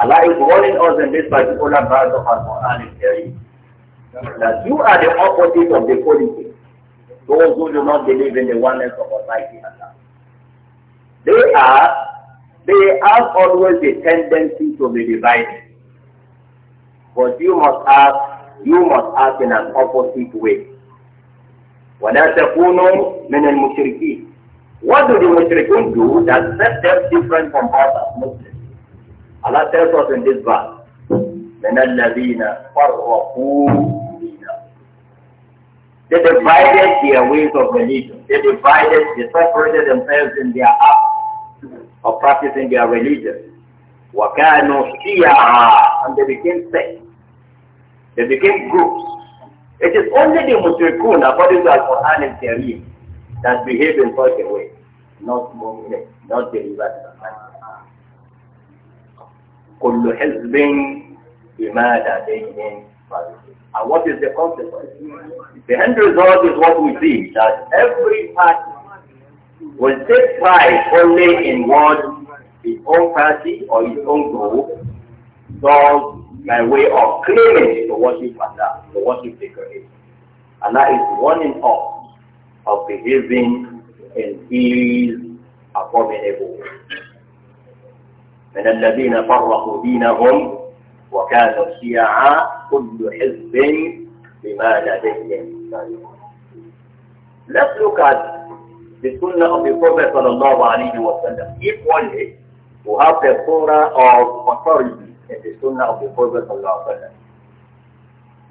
Allah is warning us in this particular verse of Al-Quran that you are the opposite of the polytheists, those who do not believe in the oneness of Almighty Allah. They are, they have always a tendency to be divided. But you must act, you must act in an opposite way. What do the mushrikun do that sets them different from us as Muslims? Allah tells us in this verse, من الذين فرقوا They divided their ways of religion. They divided, they separated themselves in their acts of practicing their religion. وَكَانُوا شِيَعًا And they became sects. They became groups. It is only the mushrikun, according to Al-Quran and Kareem, that behave in such a way. Not Muslims, not believers. كل حزب بما لديهم And what is the consequence? The end result is what we see, that every party will take pride only in what its own party or its own group does by way of claiming the worship Allah, to worship the Creator. and that is warning all of behaving in His abominable way. من الذين فرقوا دينهم وكانوا شيعا كل حزب بما لديهم Let's look at the Sunnah of the Prophet sallallahu alayhi wa sallam. Equally, we have the Surah of authority in the Sunnah of the Prophet sallallahu alayhi wa sallam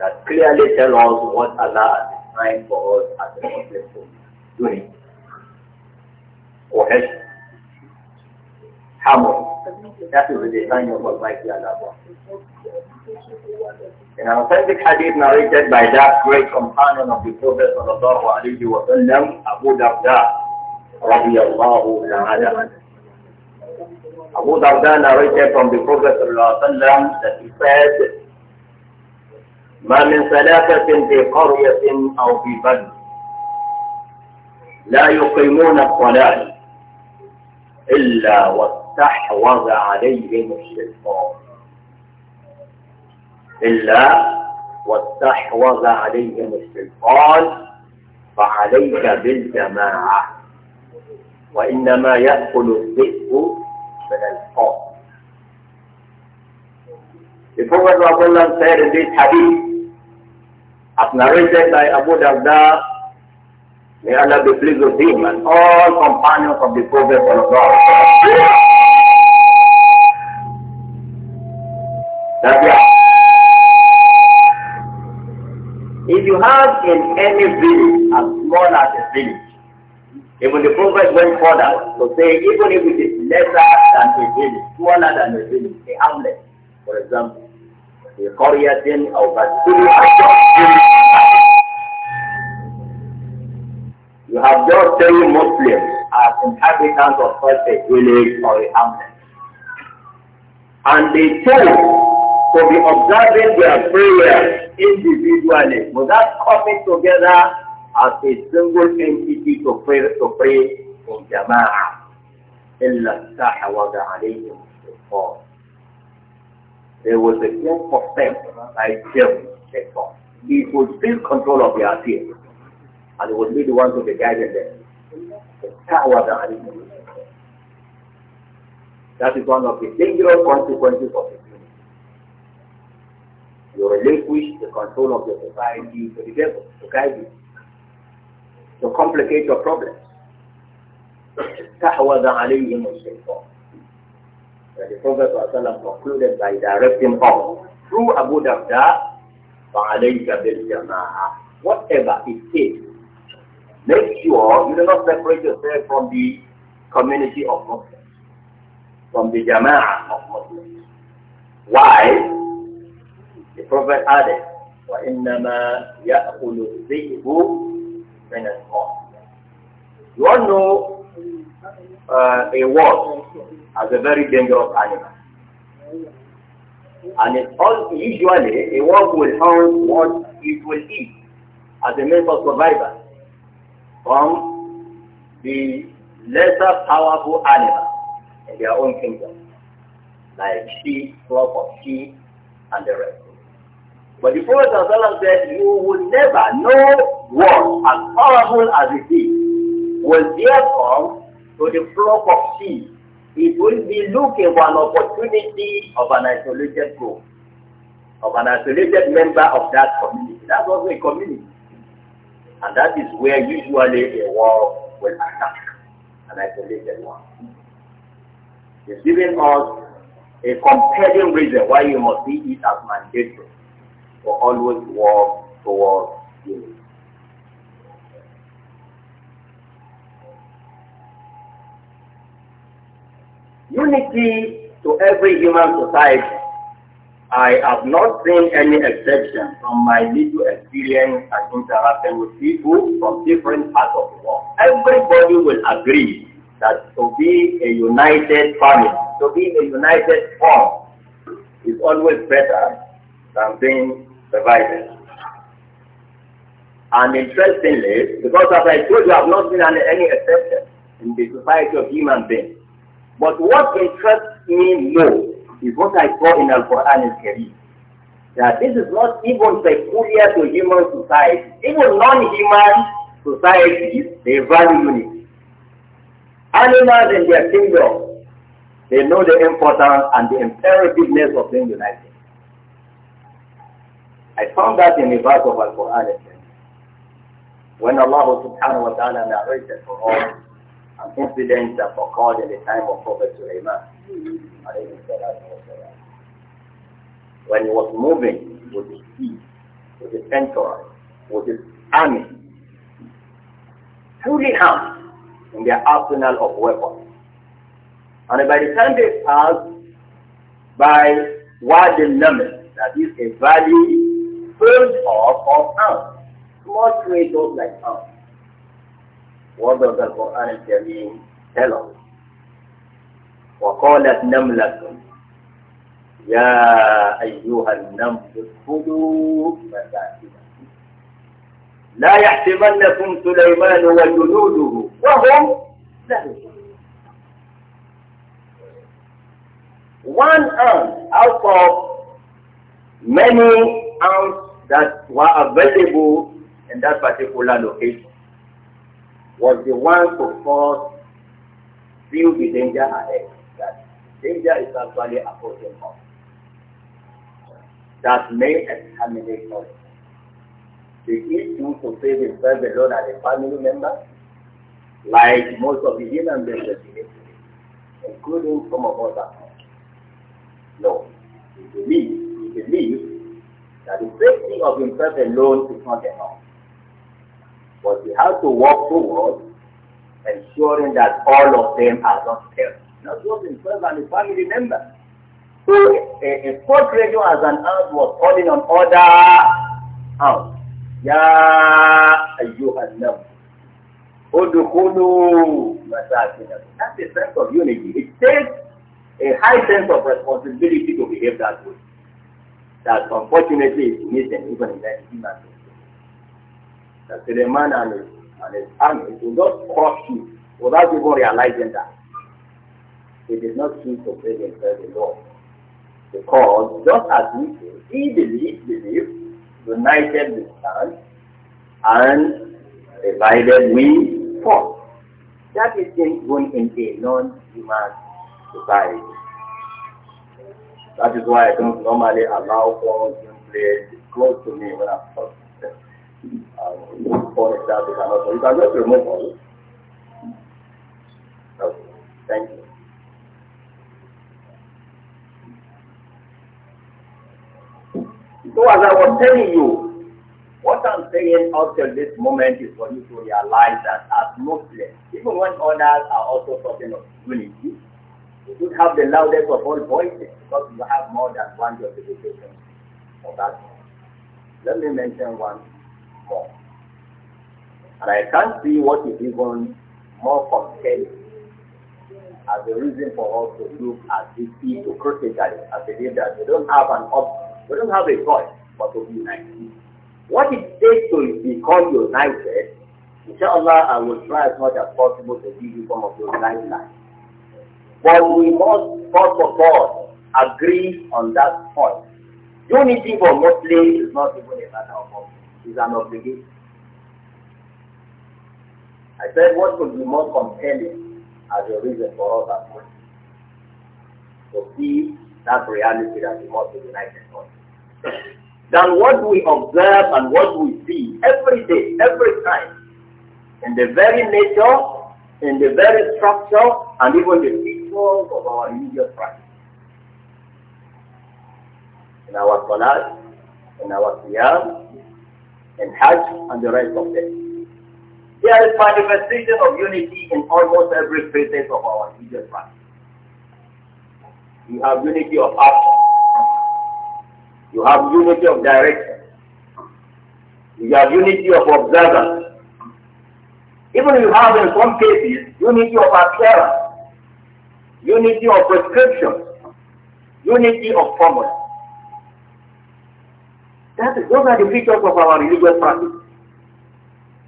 that clearly tell us what Allah has designed for us as a Muslim to do. حمر تاخذ الإنسان يوم In an authentic hadith narrated by that great companion of the Prophet صلى الله عليه وسلم, Abu Darda, الله ta'ala. Abu Darda narrated from the Prophet صلى الله عليه وسلم that he said, ما من ثلاثة في قرية أو في بلد لا يقيمون الصلاة إلا وسط استحوذ عليهم الشيطان إلا واستحوذ عليهم الشيطان فعليك بالجماعة وإنما يأكل الذئب من القاف يفوت صلى الله عليه سير في الحديث أثناء رجل أبو دردا May Allah be pleased with him and all companions of the Prophet of Allah. If you have in any village, as small as a village, even the prophet went further to say, even if it is lesser than a village, smaller than a village, a hamlet, for example, a Korean or Bastille, you have just three Muslims as inhabitants of such a village or a hamlet. And they chose to be observing their prayers individually, without coming together as a single entity to pray, to pray in jama'ah. إِلَّا اسْتَحْوَذَ عَلَيْهِمْ الشَّيْطَانِ There was a group of them by them, He would still control of their affairs and would be the one to be guided them. That is one of the dangerous consequences of it. You relinquish the control of your society to the devil, to guide you, to complicate your problems. استحوذ عليهم الشيطان. The Prophet ﷺ concluded by directing power through Abu Darda, فَعَلَيْكَ بِالْجَمَاعَةِ Whatever it takes, make sure you do not separate yourself from the community of Muslims, from the Jama'ah of Muslims. Why? The Prophet added, وَإِنَّمَا يَأْكُلُ مِنَ الْمَوْتِ You all know uh, a wolf as a very dangerous animal. And it all, usually a wolf will hunt what it will eat as a means of survival from the lesser powerful animals in their own kingdom, like sheep, flock of sheep, and the rest. But the Prophet said, you will never know what, as powerful as it is, will therefore to the flock of sheep. It will be looking for an opportunity of an isolated group, of an isolated member of that community. That was a community. And that is where usually a war will attack, an isolated one. It's giving us a compelling reason why you must see it as mandatory will always walk towards unity. Unity to every human society. I have not seen any exception from my little experience and interacting with people from different parts of the world. Everybody will agree that to be a united family, to be a united form, is always better than being provided. And interestingly, because as I told you, I've not seen any, any exception in the society of human beings. But what interests me most is what I saw in Al-Quran and Kareem. That this is not even peculiar to human society. Even non-human societies, they value unity. Animals in their kingdom, they know the importance and the imperativeness of being united. I found that in the verse of Al-Quran When Allah subhanahu wa ta'ala narrated for all an incident that occurred in the time of Prophet Sulaiman, when he was moving with his sea, with his entourage, with his army, fully armed in their arsenal of weapons. And by the time they passed by Wadi Namis, that is a valley built up of ants, small creatures like ants. What does the Quran Kareem tell us? وقالت نملة يا أيها النمل ادخلوا مساكنكم لا يحسبنكم سليمان وجنوده وهم لا One ant out of many ants that were available in that particular location was the one to cause feel the danger ahead. That danger is actually approaching us. That may exterminate us. The issue to save himself alone as a family member, like most of the human beings including some of us. No, we believe, we believe that the safety of himself alone is not enough. But he has to walk towards ensuring that all of them are not killed. Not just himself and his family members. So a, a fourth radio as an out was calling on other out. Ya ayyuhan nam. Udukulu That's a sense of unity. It takes a high sense of responsibility to behave that way that unfortunately is missing even in that human That Suleiman and his, and his army will not crush you without even realizing that. They did not seem to pray themselves at law. Because just as we do, he believe, united with stand, and divided we fall. That is going in a non-human society. That is why I don't normally allow in place close to me when I'm talking. Um, phone itself is another. You can just remove all. Okay. Thank you. So as I was telling you, what I'm saying up till this moment is for you to realize that as Muslims, even when others are also talking of unity, you should have the loudest of all voices because you have more than one justification for that. Let me mention one more. And I can't see what is even more compelling as a reason for us to look at this hypocritically as a believe that we don't have an option, we don't have a choice but to be united. What it takes to become united, inshallah I will try as much as possible to give you some of those guidelines. But we must first of all agree on that point. Unity for Muslims is not even a matter of option. It's an obligation. I said what could be more compelling as a reason for all that point? to see that reality that we must be united on than what we observe and what we see every day, every time, in the very nature, in the very structure, and even the because of our religious practice. In our salat, in our siyam, in hajj, and the rest of them. There is manifestation of unity in almost every facet of our religious practice. You have unity of action. You have unity of direction. You have unity of observance. Even you have in some cases unity of appearance unity of prescription, unity of promise. That is, those are the features of our religious practice.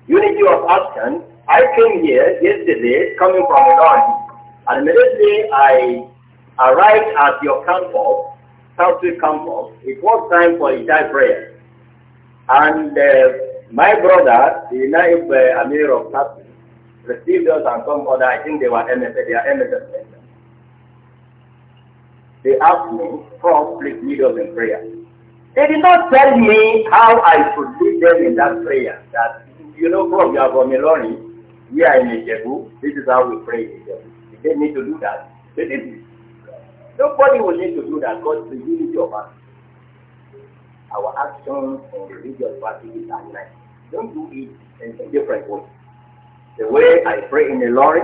Unity of action. I came here yesterday, coming from Iran, and immediately I arrived at your campus, Southwick campus. It was time for Itai prayer. And uh, my brother, the naive uh, Amir of Southwick, received us and some other, I think they were MSA, they are MSA they asked me, from please lead in prayer. They did not tell me how I should lead them in that prayer. That, you know, from you are from Meloni, we are in Ijebu, this is how we pray in They need to do that. They didn't. Nobody will need to do that because the unity of us. Our actions and religious practices are like, don't do it in a different way. The way I pray in the Lord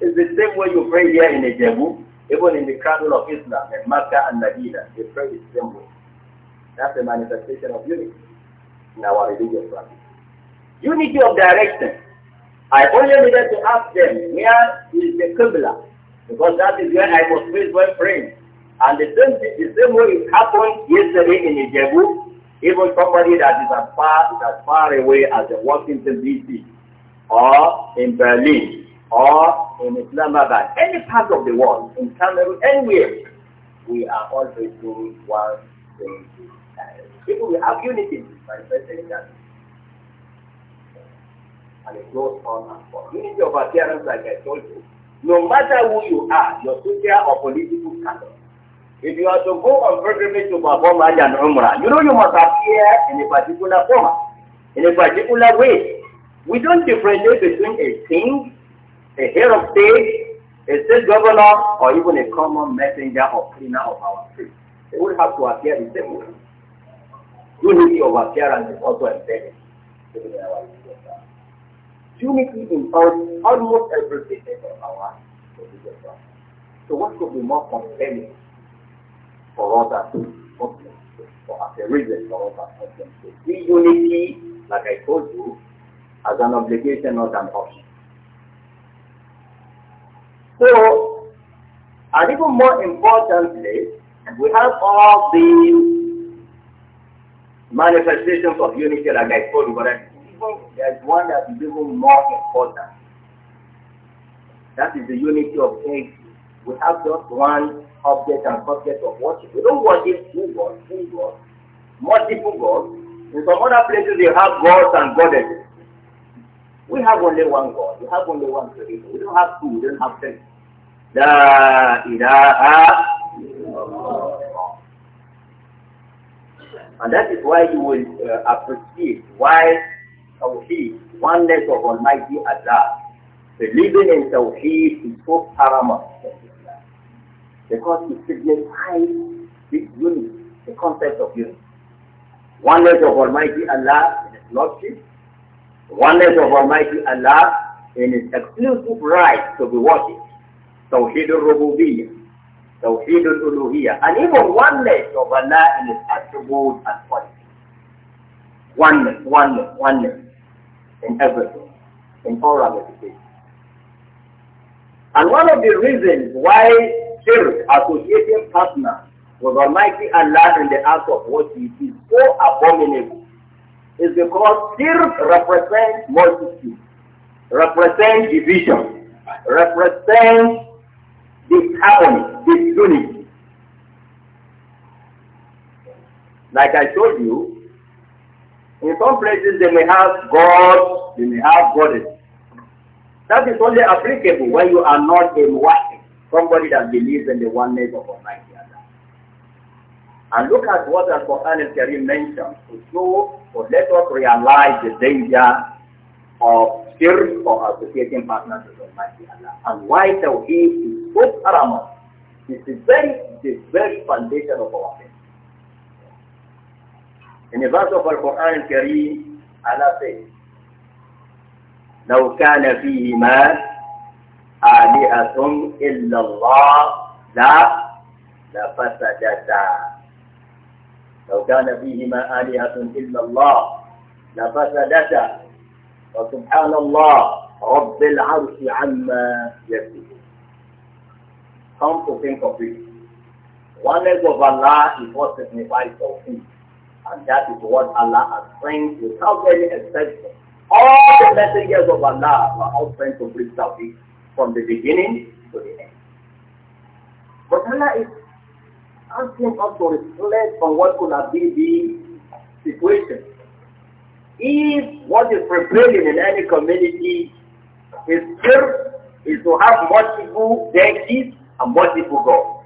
is the same way you pray here in Ijebu. Even in the cradle of Islam, in Makkah and Medina, they pray the same way. That's a manifestation of unity in our religious practice. Unity of direction. I only needed to ask them, where is the Qibla? Because that is where I was raised when praying. And the same, the same way it happened yesterday in Ijebu, even somebody that is as far, as far away as the Washington DC or in Berlin or in Islamabad, any part of the world, in Cameroon, anywhere, we are always doing one thing. People will have unity by saying that. And it goes on and on. Unity of appearance, like I told you. No matter who you are, your social or political status, if you are to go on pilgrimage to perform Hajj and Umrah, you know you must appear in a particular form, in a particular way. We don't differentiate between a thing a head of state, a state governor, or even a common messenger or cleaner of our street. They would have to appear in the way. Unity of appearance is also embedded Unity in almost every statement of our religious So what could be more compelling for us as Muslims, for as a reason for us as Muslims? See unity, like I told you, as an obligation, not an option. So, and even more importantly, we have all the manifestations of unity like I told you, but there's one that is even more important. That is the unity of things. We have just one object and subject of worship. We don't worship two gods, three gods, multiple gods. In some other places they have gods and goddesses. We have only one God. We have only one creator. We don't have two. We don't have three. La ilaha And that is why you will uh, appreciate why Tawheed, oneness of Almighty Allah, believing in Tawheed is so paramount because it signifies this unity, the concept of unity. Oneness of Almighty Allah in His Lordship, oneness of Almighty Allah in His exclusive right to be worshipped, Tawheed al-Rububiyyah, Tawheed al and even oneness of Allah in His attributes and qualities. Oneness, oneness, oneness in everything, in all ramifications. And one of the reasons why shirk, associating partners with Almighty Allah in the act of worship is so abominable is because shirk represents multitude, represents division, represents this harmony, this unity. Like I told you, in some places they may have God, they may have goddess. That is only applicable when you are not a muwahid, somebody that believes in the one oneness of Almighty Allah. And look at what the Quran al-Karim to show or let us realize the danger of shirk or associating partners with Almighty Allah and why Tawheed which Aramas is the very, the very foundation of our faith. In the verse of Al-Quran Kareem, Allah says, لو كان فيهما آلهة إلا الله لا لفسدتا لو كان فيهما آلهة إلا الله لفسدتا وسبحان الله رب العرش عما يصفون come to think of it, oneness of Allah is what signifies tawheed. And that is what Allah has trained without any exception. All the messengers of Allah were all trained to bring tawheed from the beginning to the end. But Allah is asking us to reflect on what could have been the situation. If what is prevailing in any community is fear, is to have multiple deities and merciful God.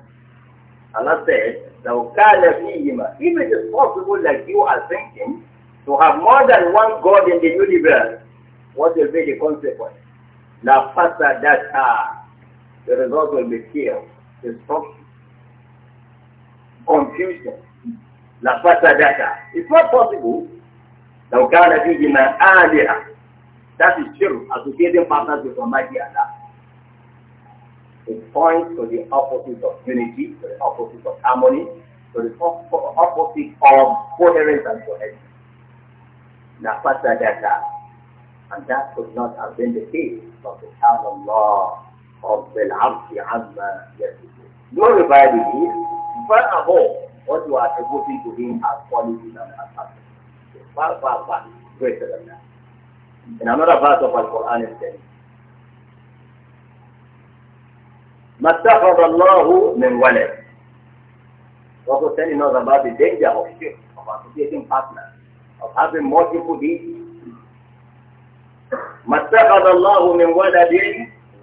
Allah said, لو كان If it is possible like you are thinking to have more than one God in the universe, what will be the consequence? La fasadata. The result will be chaos, destruction, confusion. La fasadata. It's not possible. لو كان فيهما آلهة That is true, associating partners with Almighty Allah. It points to the opposite of unity, to the opposite of harmony, to the opposite of coherence and cohesion. Nafasa data. And that could not have been the case of the child of Allah of the Abdi Amma Yasifu. Glorified it is, far above what you are devoting to him as qualities and as actions. Far, far, far greater than that. In another verse of Al-Quran it says, màtàkọ̀rọ̀ lọ́hùn mẹ́wàlẹ̀. wọ́n kò sẹ́ni náà about the danger of shit of associating partners of having multiple deeds. màtàkọ̀rọ̀ lọ́hùn mẹ́wàlẹ̀ dé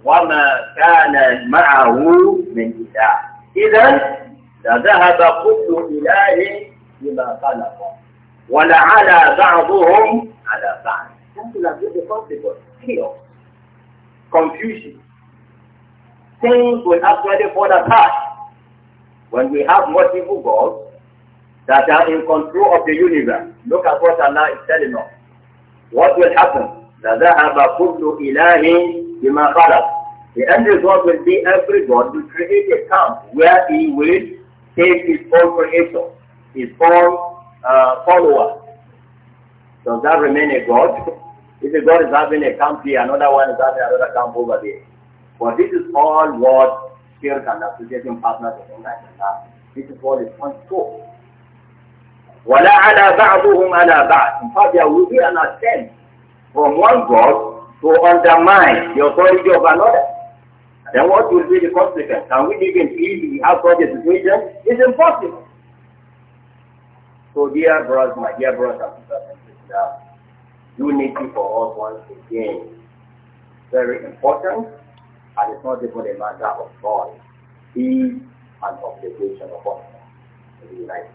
wọ́n máa kàn máa wú mẹ́jìlá. إذا لذهب كل إله بما خلق ولعلى بعضهم على بعض. That will be possible. Chaos. things will actually fall apart when we have multiple gods that are in control of the universe. Look at what Allah is telling us. What will happen? لَذَهَبَ كُلُّ إِلَهٍ بِمَا The end result will be every God will create a camp where he will take his own creator, his own uh, follower. Does that remain a God? If a God is having a camp here, another one is having another camp over there. But this is all what skills and association partners of England This is what to. point four. وَلَا عَلَى بَعْضُهُمْ عَلَى بَعْضٍ In fact, there will be an attempt from one God to undermine the authority of another. Then what will be the consequence? Can we live in have outside the situation? It's impossible. So dear brothers, my dear brothers and sisters and sisters, unity for us once again. Very important and it's not even a matter of God. It's an obligation upon us.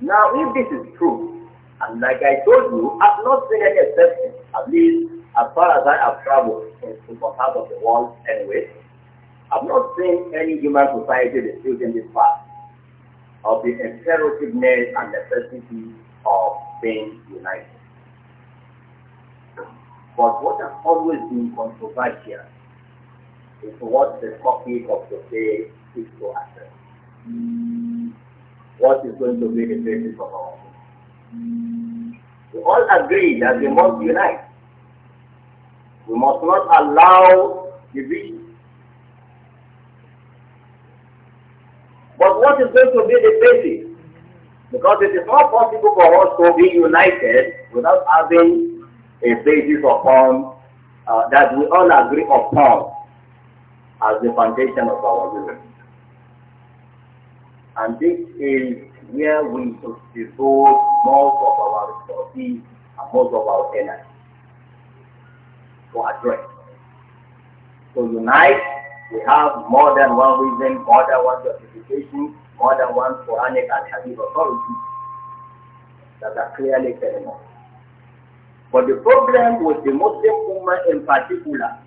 Now, if this is true, and like I told you, I've not seen any exception, at least as far as I have traveled in the part of the world anyway, I've not seen any human society using this path of the imperativeness and necessity of being united. But what has always been controversial is what the topic of the day is to address. What is going to be the basis of our meeting? We all agree that we must unite. We must not allow division. But what is going to be the basis? Because it is not possible for us to be united without having a basis upon uh, that we all agree upon as the foundation of our will. And this is where we should devote most of our resources and most of our energy to address. So unite, we have more than one reason, more than one justification, more than one Quranic and Hadith authority that are clearly telling us. But the problem with the Muslim woman in particular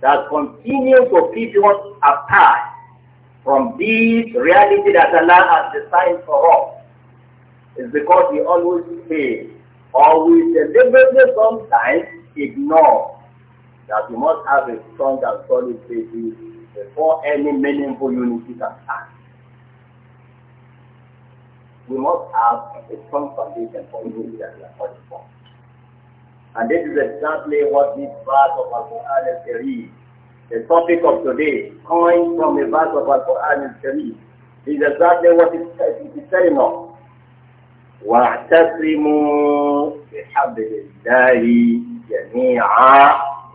that continues to keep us apart from this reality that Allah has designed for us is because we always fail or we deliberately sometimes ignore that we must have a strong and solid basis before any meaningful unity can stand. We must have a strong foundation for unity that we are calling for. And this is exactly what this verse of Al-Quran al-Kareem, the topic of today, coined from the verse of Al-Quran al-Kareem, is exactly what it, is telling us. واعتصموا بحبل الله جميعا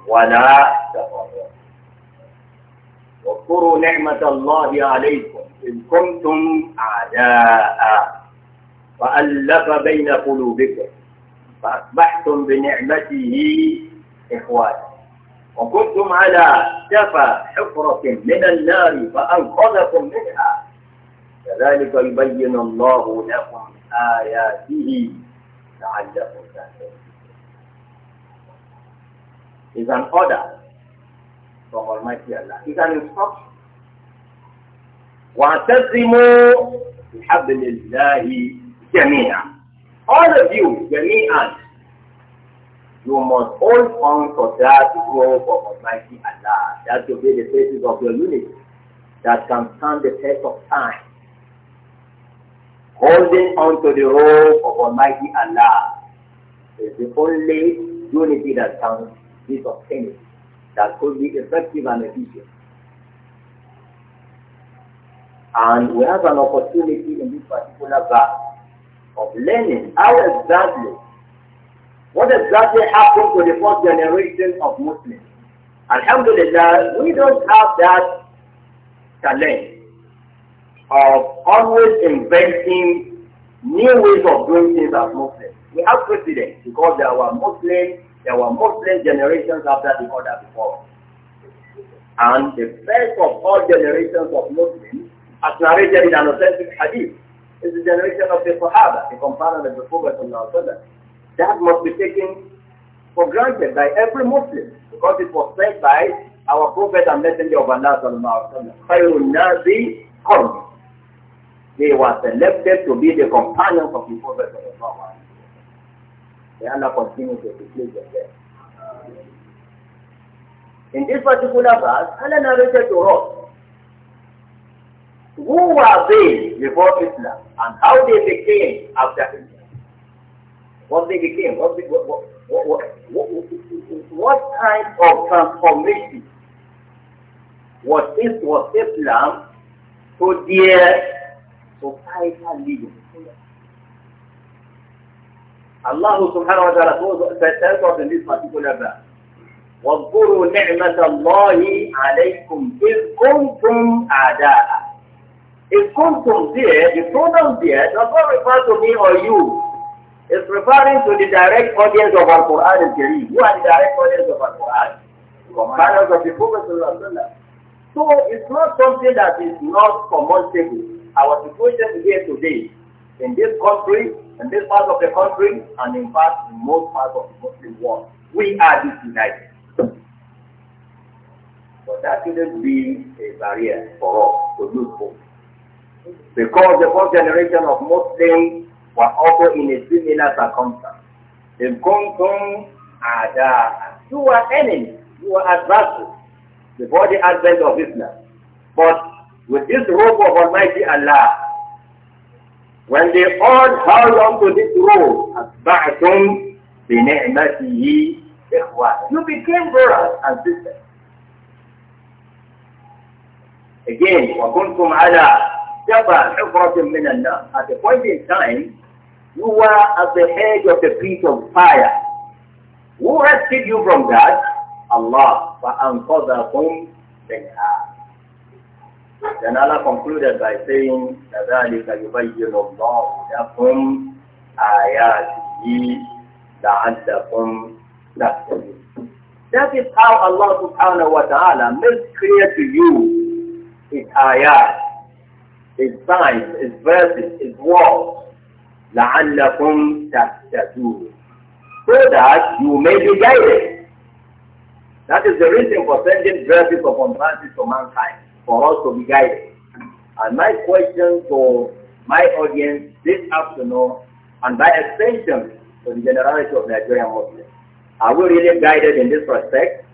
ولا تفرقوا واذكروا نعمة الله عليكم إن كنتم أعداء وألف بين قلوبكم فأصبحتم بنعمته إخوانا وكنتم على شفا حفرة من النار فأنقذكم منها كذلك يبين الله لكم آياته لعلكم تهتدون is an order from Almighty Allah. It's an instruction. واعتصموا بحبل الله جميعا all of you, the me and you must hold on for that rope of Almighty Allah. That will be the basis of your unity that can stand the test of time. Holding on to the rope of Almighty Allah is the only unity that can be sustained, that could be effective and efficient. And we have an opportunity in this particular verse of learning. How exactly? What exactly happened to the first generation of Muslims? Alhamdulillah, we don't have that challenge of always inventing new ways of doing things as Muslims. We have precedent because there were Muslims, there were Muslim generations after the other before. And the first of all generations of Muslims has narrated in an authentic hadith is the generation of the Sahaba, the companion of the Prophet That must be taken for granted by every Muslim because it was said by our Prophet and Messenger of Allah sallallahu alaihi wasallam. They were selected to be the companions of the Prophet sallallahu the Allah continue to replace them. In this particular verse, Allah narrated to us who were they before Islam and how they became after Islam? What they became? What, they, what, what, what, what, what kind of transformation was this was Islam to their societal living? Allah subhanahu wa ta'ala tells us in this وَاذْكُرُوا نِعْمَةَ اللَّهِ عَلَيْكُمْ إِذْ كُنْتُمْ أَعْدَاءً it comes from there, the pronoun there does not refer to me or you. It's referring to the direct audience of Al-Quran and Kareem. You are the direct audience of Al-Quran. Companions of the Prophet So it's not something that is not commonstable. Our situation here today, in this country, in this part of the country, and in fact in most parts of the Muslim world, we are disunited. But that shouldn't be a barrier for us to lose hope. Because the first generation of Muslims were also in a similar circumstance. they Gongong Ada. You were enemies, you were adversaries before the advent of Islam. But with this robe of Almighty Allah, when they all held on to this robe, أَتْبَعْتُمْ بِنِعْمَتِهِ إِخْوَانًا You became brothers and sisters. Again, وَكُنْتُمْ عَلَىٰ at the point in time, you were at the edge of the pit of fire. Who rescued you from that? Allah. Then Allah concluded by saying, كَذَلِكَ يُبَيِّنُ اللَّهُ لَكُمْ آيَاتِهِ لَعَلَّكُمْ تَهْتَدُونَ That is how Allah subhanahu wa ta'ala makes clear to you his ayat his signs, His verses, His words. لَعَلَّكُمْ تَهْتَدُونَ So that you may be guided. That is the reason for sending verses upon verses to mankind, for us to be guided. And my question to my audience this afternoon, and by extension to the generality of Nigerian Muslims, are we really guided in this respect?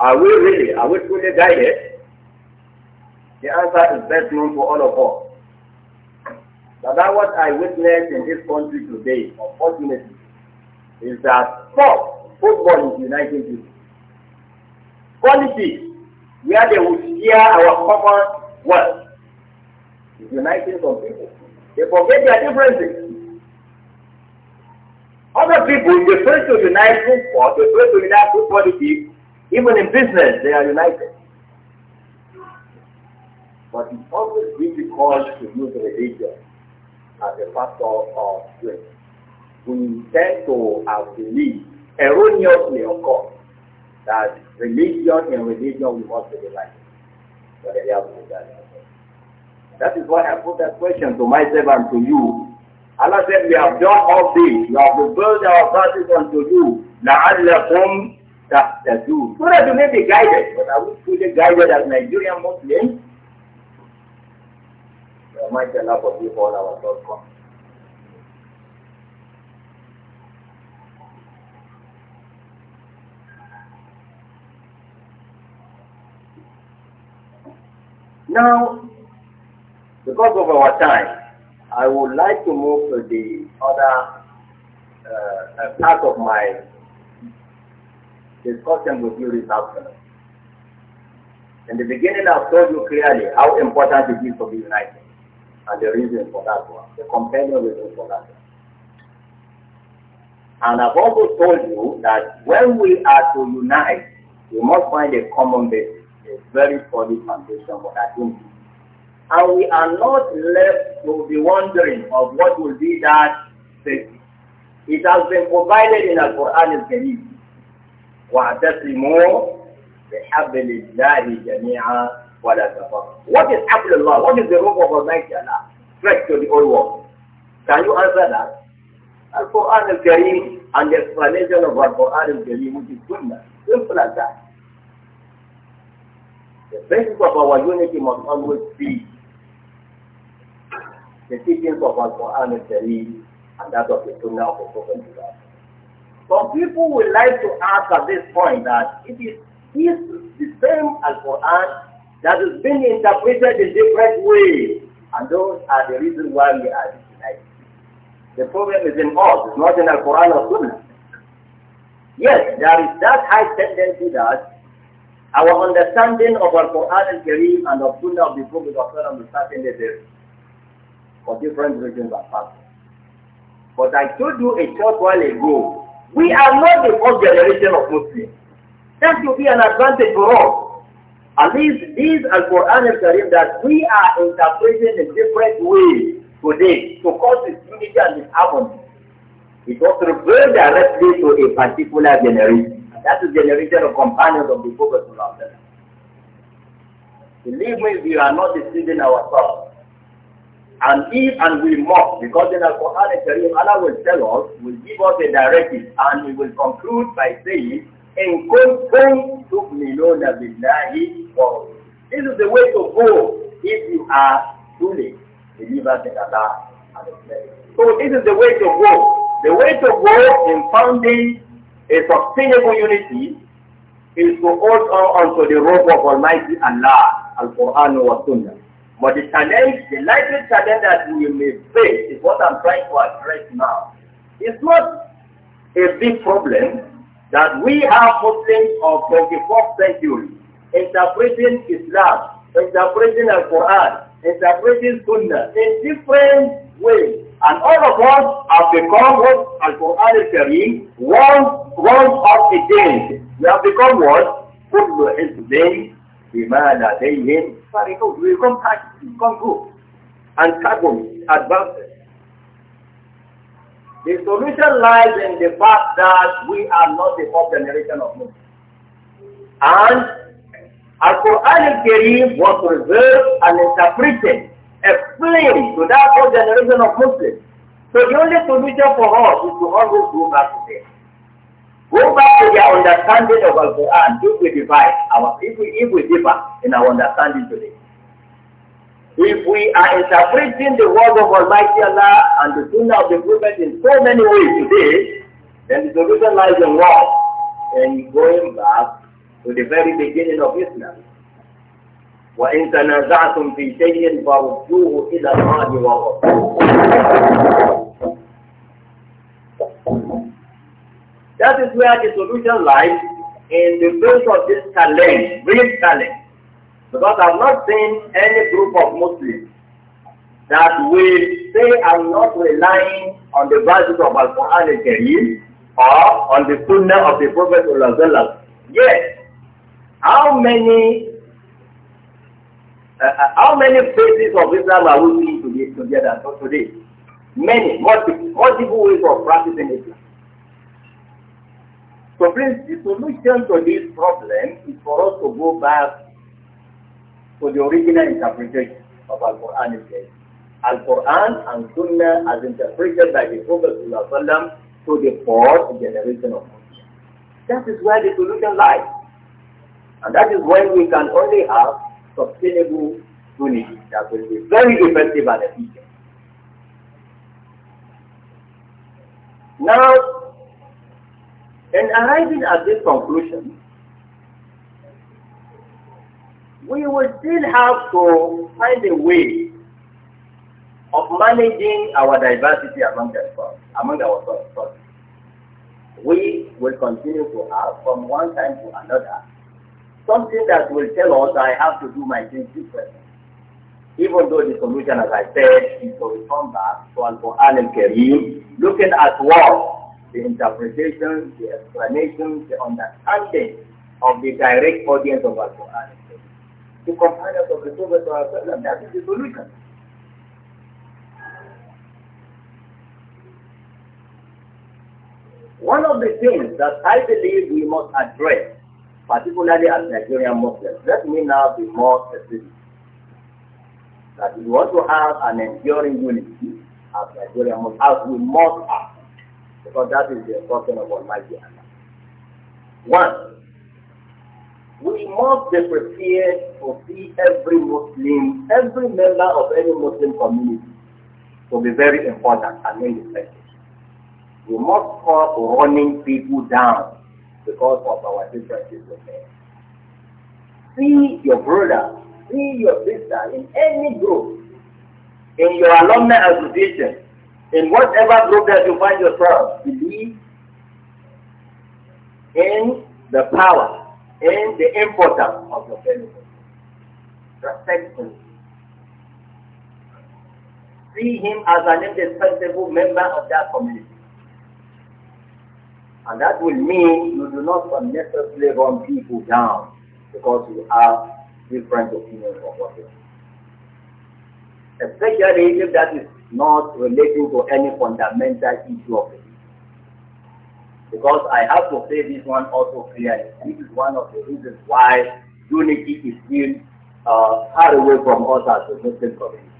Are we really, are we truly guided? The answer is best known to all of us. But that what I witnessed in this country today, unfortunately, is that sport, football is uniting people. Politics, where they will share our common wealth, is uniting some people. They forget their differences. Other people, they fail to unite through sport, they fail to unite through politics, even in business, they are united. But it's always difficult to use religion as a factor of strength. We tend to have believed, erroneously of course, that religion and religion we must be like. But have that. That is why I put that question to myself and to you. Allah said, we have done all this. We have revealed our verses unto you. لَعَلَّكُمْ تَحْتَدُونَ So that you may be guided. But are we truly guided as Nigerian Muslims? Almighty Allah forgive all our shortcomings. Now, because of our time, I would like to move to the other uh, uh, part of my discussion with you this afternoon. In the beginning, I've told you clearly how important it is to be united and the reason for that one, the companion reason for that one. And I've also told you that when we are to unite, we must find a common base, a very solid foundation for that unity. And we are not left to be wondering of what will be that basis. It has been provided in our quran al-Karim. وَاعْتَسِمُوا بِحَبِّ اللَّهِ جَمِيعًا وَلَا تَفَرْ What is Abdullah? What is the role of Almighty Allah? Threat to the whole world. Can you answer that? Al-Quran al-Kareem and the explanation of Al-Quran al-Kareem which is Sunnah. Simple as that. The basis of our unity must always be the teachings of Al-Quran al-Kareem and that of the Sunnah of the Prophet Some people would like to ask at this point that it is, is the same as Quran that is being interpreted in different ways. And those are the reasons why we are tonight. The problem is in us, it's not in the Quran or Sunnah. Yes, there is that high tendency that our understanding of our Quran and Kareem and of Sunnah of the Prophet of Islam is certainly different for different reasons and factors. But I told you a short while ago, we are not the first generation of Muslims. That should be an advantage for us. At least these Al-Quran al-Karim that we are interpreting in different ways today to cause this unity and this harmony. It was referred directly to a particular generation. That is the generation of companions of the Prophet Muhammad. Believe me, we are not deceiving ourselves. And if and we must, because in Al-Quran al-Karim, Allah will tell us, will give us a directive, and we will conclude by saying, billahi This is the way to go if you are truly believers in Allah So this is the way to go. The way to go in founding a sustainable unity is to hold on onto the rope of Almighty Allah, and quran wa Sunnah. But the challenge, the likely challenge that we may face is what I'm trying to address now. It's not a big problem that we have Muslims of 24th century interpreting Islam, interpreting the Quran, interpreting Sunnah in different ways. And all of us have become what Al-Quran is kareem once, once us We have become what? كل حزب بما لديهم فرحون. We come back to good and tackle advances. The solution lies in the fact that we are not the fourth generation of Muslims. And Al-Quran al-Karim was reserved and interpreted, explained to that fourth generation of Muslims. So the only solution for us is to always go back to them. Go back to their understanding of Al-Quran if we divide, our, if, we, if we differ in our understanding today. If we are interpreting the word of Almighty Allah and the Sunnah of the Prophet in so many ways today, then the solution lies in what? In going back to the very beginning of Islam. وإن تنازعتم في شيء فردوه إلى الله ورسوله. That is where the solution lies in the face of this challenge, great challenge. Because I've not seen any group of Muslims that will say I'm not relying on the verses of Al-Quran al-Karim or on the Sunnah of the Prophet Yes. How many uh, uh, how many faces of Islam are we seeing together today? Many, multiple, multiple ways of practicing Islam. So please, the solution to this problem is for us to go back for the original interpretation of Al-Quran is Al-Quran and Sunnah as interpreted by the Prophet ﷺ to the fourth generation of Muslims. That is where the solution lies. And that is when we can only have sustainable unity that will be very effective and efficient. Now, in arriving at this conclusion, we will still have to find a way of managing our diversity among ourselves. Among ourselves. We will continue to have, from one time to another, something that will tell us I have to do my things differently. Even though the solution, as I said, is to return back to Al-Quran and Kareem, looking at what? The interpretation, the explanation, the understanding of the direct audience of Al-Quran the companions of the Prophet that is the solution. One of the things that I believe we must address, particularly as Nigerian Muslims, let me now be more specific, that we want to have an enduring unity as Nigerian Muslims, as we must have, because that is the instruction of Almighty Allah. One, we must be prepared to see every Muslim, every member of any Muslim community to be very important and very We must stop running people down because of our differences of men. See your brother, see your sister in any group, in your alumni association, in whatever group that you find yourself, believe in the power and the importance of your family. See him as an indispensable member of that community. And that will mean you do not unnecessarily run people down because you have different opinions of what you Especially if that is not relating to any fundamental issue of it. Because I have to say this one also clearly. This is one of the reasons why unity is still uh, far away from us as a Muslim community.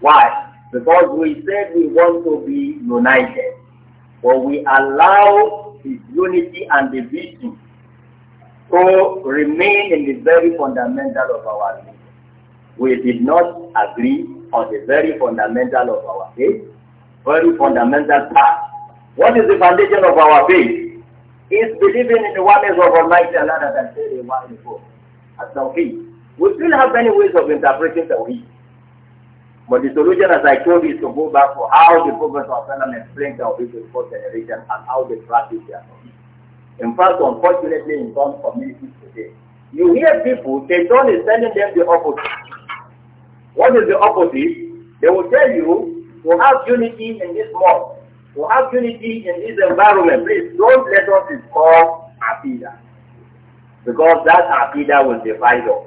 Why? Because we said we want to be united, but we allow this unity and division to remain in the very fundamental of our religion. We did not agree on the very fundamental of our faith, very fundamental part what is the foundation of our faith? Is believing in the oneness of Almighty Allah that I said a while ago. As Tawheed. We still have many ways of interpreting Tawheed. But the solution, as I told you, is to go back to how the Prophet Islam explained Tawheed to the fourth generation and how they practice their Tawheed. In fact, unfortunately, in some communities today, you hear people, Satan is telling them the opposite. What is the opposite? They will tell you to have unity in this mosque to have unity in this environment, please don't let us involve Aqidah. Because that Aqidah will divide us.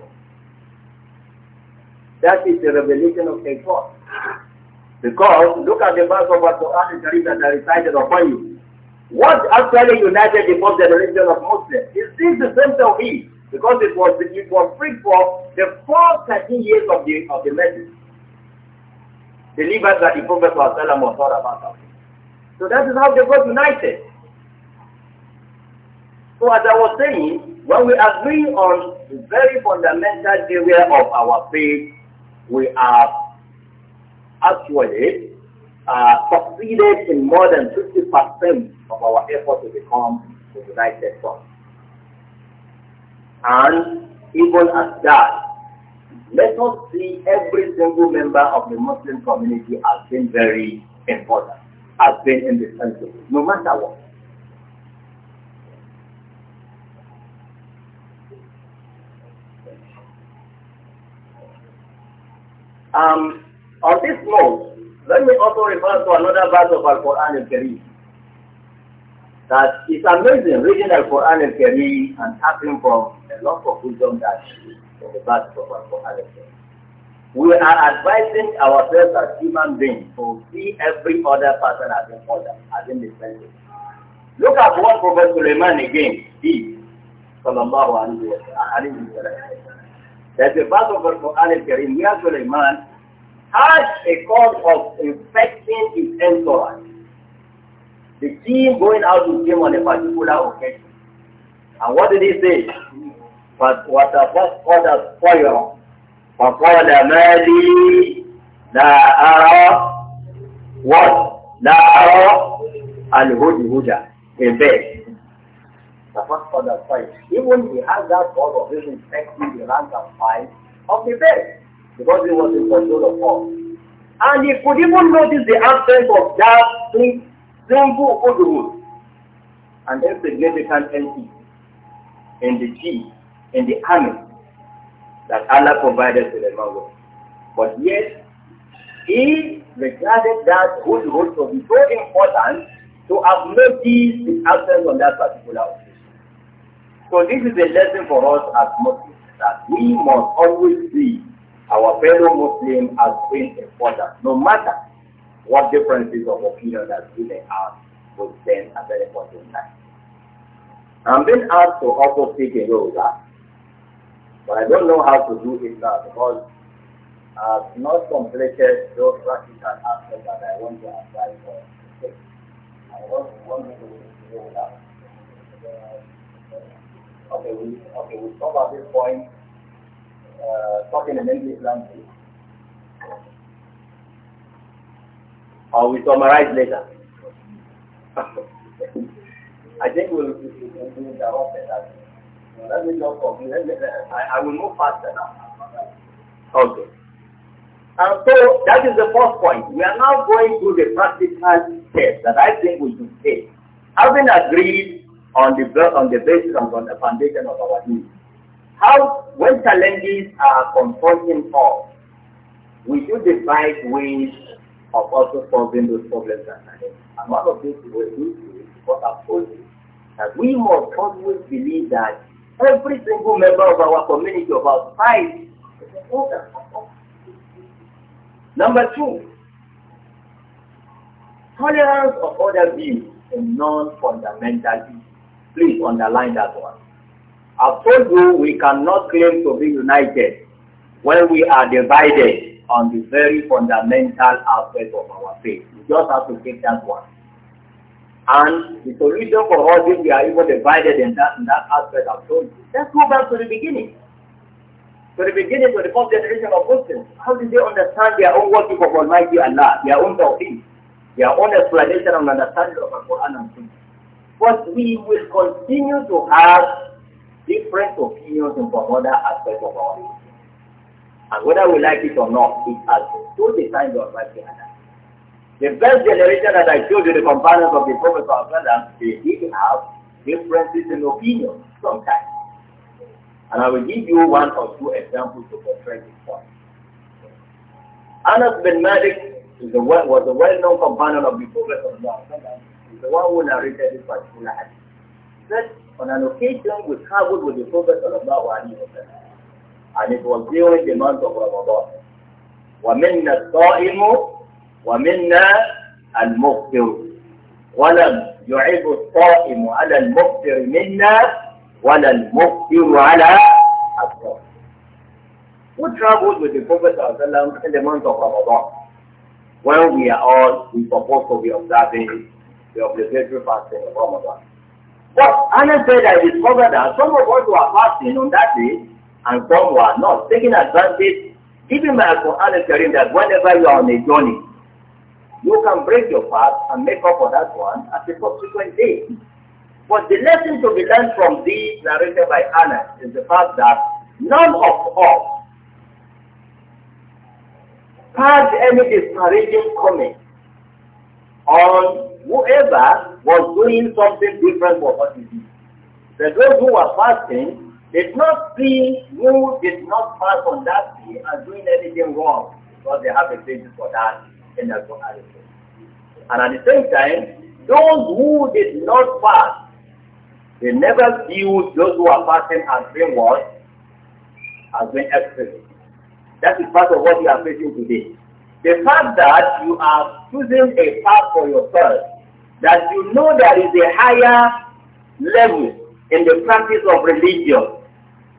That is the revelation of God. Because look at the verse of the Quran Karim that I recited upon you. What actually united the first generation of Muslims is this the same Tawheed because it was it was free for the first 13 years of the of the message. The leaders that the Prophet was telling was all about. So that is how they got united. So as I was saying, when we agree on the very fundamental area of our faith, we are actually uh, succeeded in more than 50% of our effort to become the United force. And even at that, let us see every single member of the Muslim community as being very important has been in no matter what. Um, on this note, let me also refer to another verse of Al-Quran al-Kareem. That it's amazing reading Al-Quran al-Kareem and tapping from a lot of wisdom that is from the verse of Al-Quran al-Kareem. We are advising ourselves as human beings to see every other person as important, as indispensable. Look at what Prophet Suleiman again did. Sallallahu alayhi wa There's a verse of the Quran al-Karim where Suleiman had a cause of infecting his entourage. The team going out to him on a particular occasion. And what did he say? But what about others fire? فقال ما لي لا أرى what لا أرى الهدهد in bed the first for fight even he had that God of his the rank and file of the bed because he was in control of all and he could even notice the absence of that single hudhud and insignificant entity in the G in the army that Allah provided to the Muslims. But yet, he regarded that good road to be so important to have noticed the absence of that particular occasion. So this is a lesson for us as Muslims, that we must always see our fellow Muslims as being important, no matter what differences of opinion that we may have with them at any point in time. I'm being asked to also speak a role that but I don't know how to do it now because I've not completed those practical aspects that I want to apply for. I want, want to do that. Okay, we, okay, we stop at this point, uh, talking in English language. Or we summarize later. I think we'll, we'll, we'll interrupt that. Let me I, I will move faster now. Okay. And so that is the first point. We are now going to the practical test that I think we should take. Having agreed on the on the basis and on the foundation of our needs, how when challenges are confronting us, we should devise ways of also solving those problems and challenges. And one of these ways is what I've told you that we must always believe that Every single member of our community, about five, Number two, tolerance of other views is non-fundamental Please underline that one. I've told you we cannot claim to be united when we are divided on the very fundamental aspect of our faith. You just have to take that one. And the solution for all this, we are even divided in that, in that aspect I've you. Let's go back to the beginning. To the beginning, to the first generation of Muslims. How did they understand their own worship of Almighty Allah, their own tawhid, their own explanation and understanding of the Quran and Sunnah? But we will continue to have different opinions in from other aspects of our religion. And whether we like it or not, it has to the time of Almighty Allah. The first generation that I showed you, the companions of the Prophet Sallallahu they did have differences in opinion sometimes. And I will give you one or two examples to portray this point. Anas bin Malik is the, was a well-known companion of the Prophet Sallallahu He's the one who narrated this particular hadith. That on an occasion we traveled with the Prophet Sallallahu and it was during the month of Ramadan. وَمِنَّ الصَّائِمُ ومنا المغفر ولم يعيب الصائم على المغفر منا ولا المغفر على الصائم Who traveled with the Prophet in the month of Ramadan? When we are all, we supposed to be observing the obligatory fasting of Ramadan. But Anna said I discovered that some of us were fasting on that day and some were not, taking advantage, even by Quran and Karim that whenever you are on a journey, You can break your fast and make up for that one at a subsequent day. But the lesson to be learned from these narrated by Anna is the fact that none of us had any disparaging comment on whoever was doing something different from what he did. The those who were fasting did not see who did not fast on that day as doing anything wrong because they have a basis for that are And at the same time, those who did not fast, they never viewed those who are fasting as being what? As being excellent. That is part of what you are facing today. The fact that you are choosing a path for yourself, that you know there is a higher level in the practice of religion,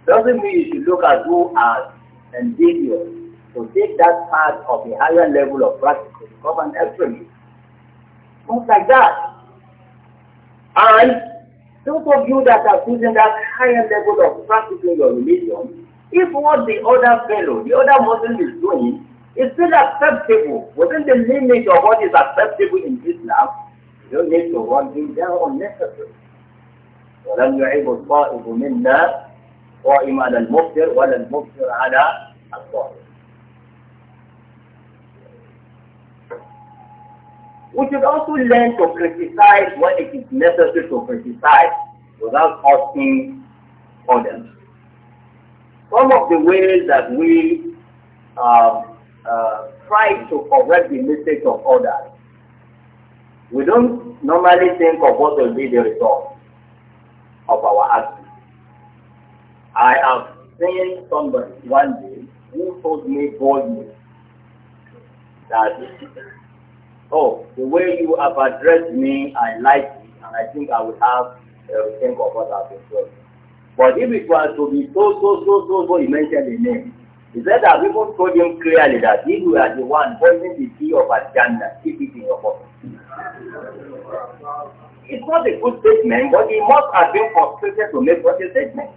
doesn't mean you should look at who are ambiguous to take that part of a higher level of practice to become an extremist. Things like that. And those of you that are using that higher level of practicing your religion, if what the other fellow, the other Muslim is doing, is still acceptable within the limit of what is acceptable in Islam, you don't need to run him down unnecessarily. ولم يعيب الطائف منا قائم على ولا المبتر على الطائف. We should also learn to criticize what it is necessary to criticize without asking others. Some of the ways that we uh, uh, try to correct the mistakes of others, we don't normally think of what will be the result of our action. I have seen somebody one day who told me boldly that oh, the way you have addressed me, I like it, and I think I would have a uh, think of what I've been But if it was to be so, so, so, so, so, he mentioned the name. He said that people told him clearly that if you are the one holding the key of agenda? keep it in your pocket. It's not a good statement, but he must have been frustrated to make such a statement.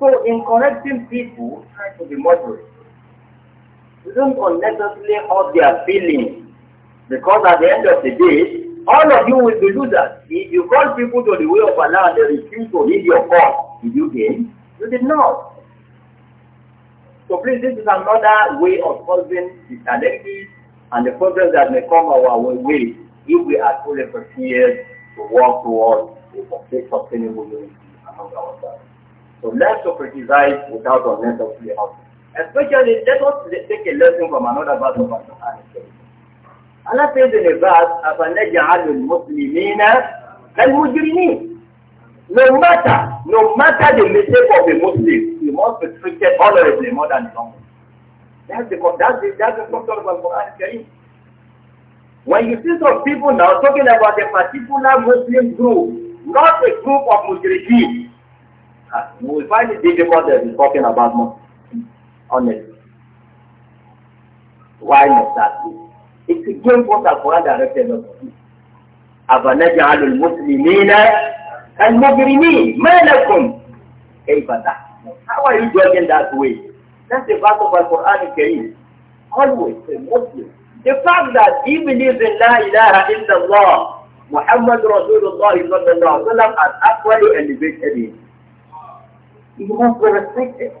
So in correcting people, try to be moderate don't unnecessarily hurt their feelings. Because at the end of the day, all of you will be losers. If you call people to the way of Allah and they refuse to heed your call, did you gain? You did not. So please, this is another way of solving the challenges and the problems that may come our way if we are truly prepared to work towards a complete sustainable unity among ourselves. So let's to criticize without unnecessarily hurting. Especially, let us take a lesson from another verse of Al-Quran. Allah says in a verse, أَفَنَجْعَلُ الْمُسْلِمِينَ كَالْمُجْرِمِينَ No matter, no matter the mistake of a Muslim, he must be treated honorably more than the non That's the, that's the, that's the structure of Al-Quran When you see some people now talking about a particular Muslim group, not a group of Mujrikin, ah, we find it difficult that we're talking about Muslims honest. Why not that? It's against what the Quran directed us to do. أفنجعل المسلمين المجرمين ما لكم كيف تحكمون How are you judging that way? That's the verse of Al-Quran Kareem. Always a Muslim. The fact that he believes in La ilaha illallah, Muhammad Rasulullah sallallahu alaihi wasallam has actually elevated him. He must be respected.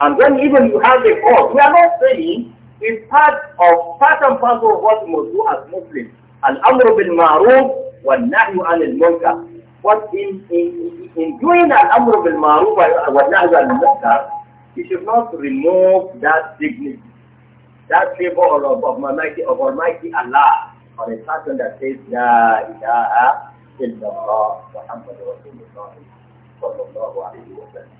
And then even you have the cause, we are not saying it's part of part and parcel of what we must do as Muslims. And amr bil ma'ruf wa nahyu anil munkar. But in, in, in doing an amr bil ma'ruf wa nahyu anil munkar, you should not remove that dignity, that favor of, of, Almighty, of Almighty Allah on a person that says, La ilaha illallah Muhammad Rasulullah sallallahu alayhi wa sallam.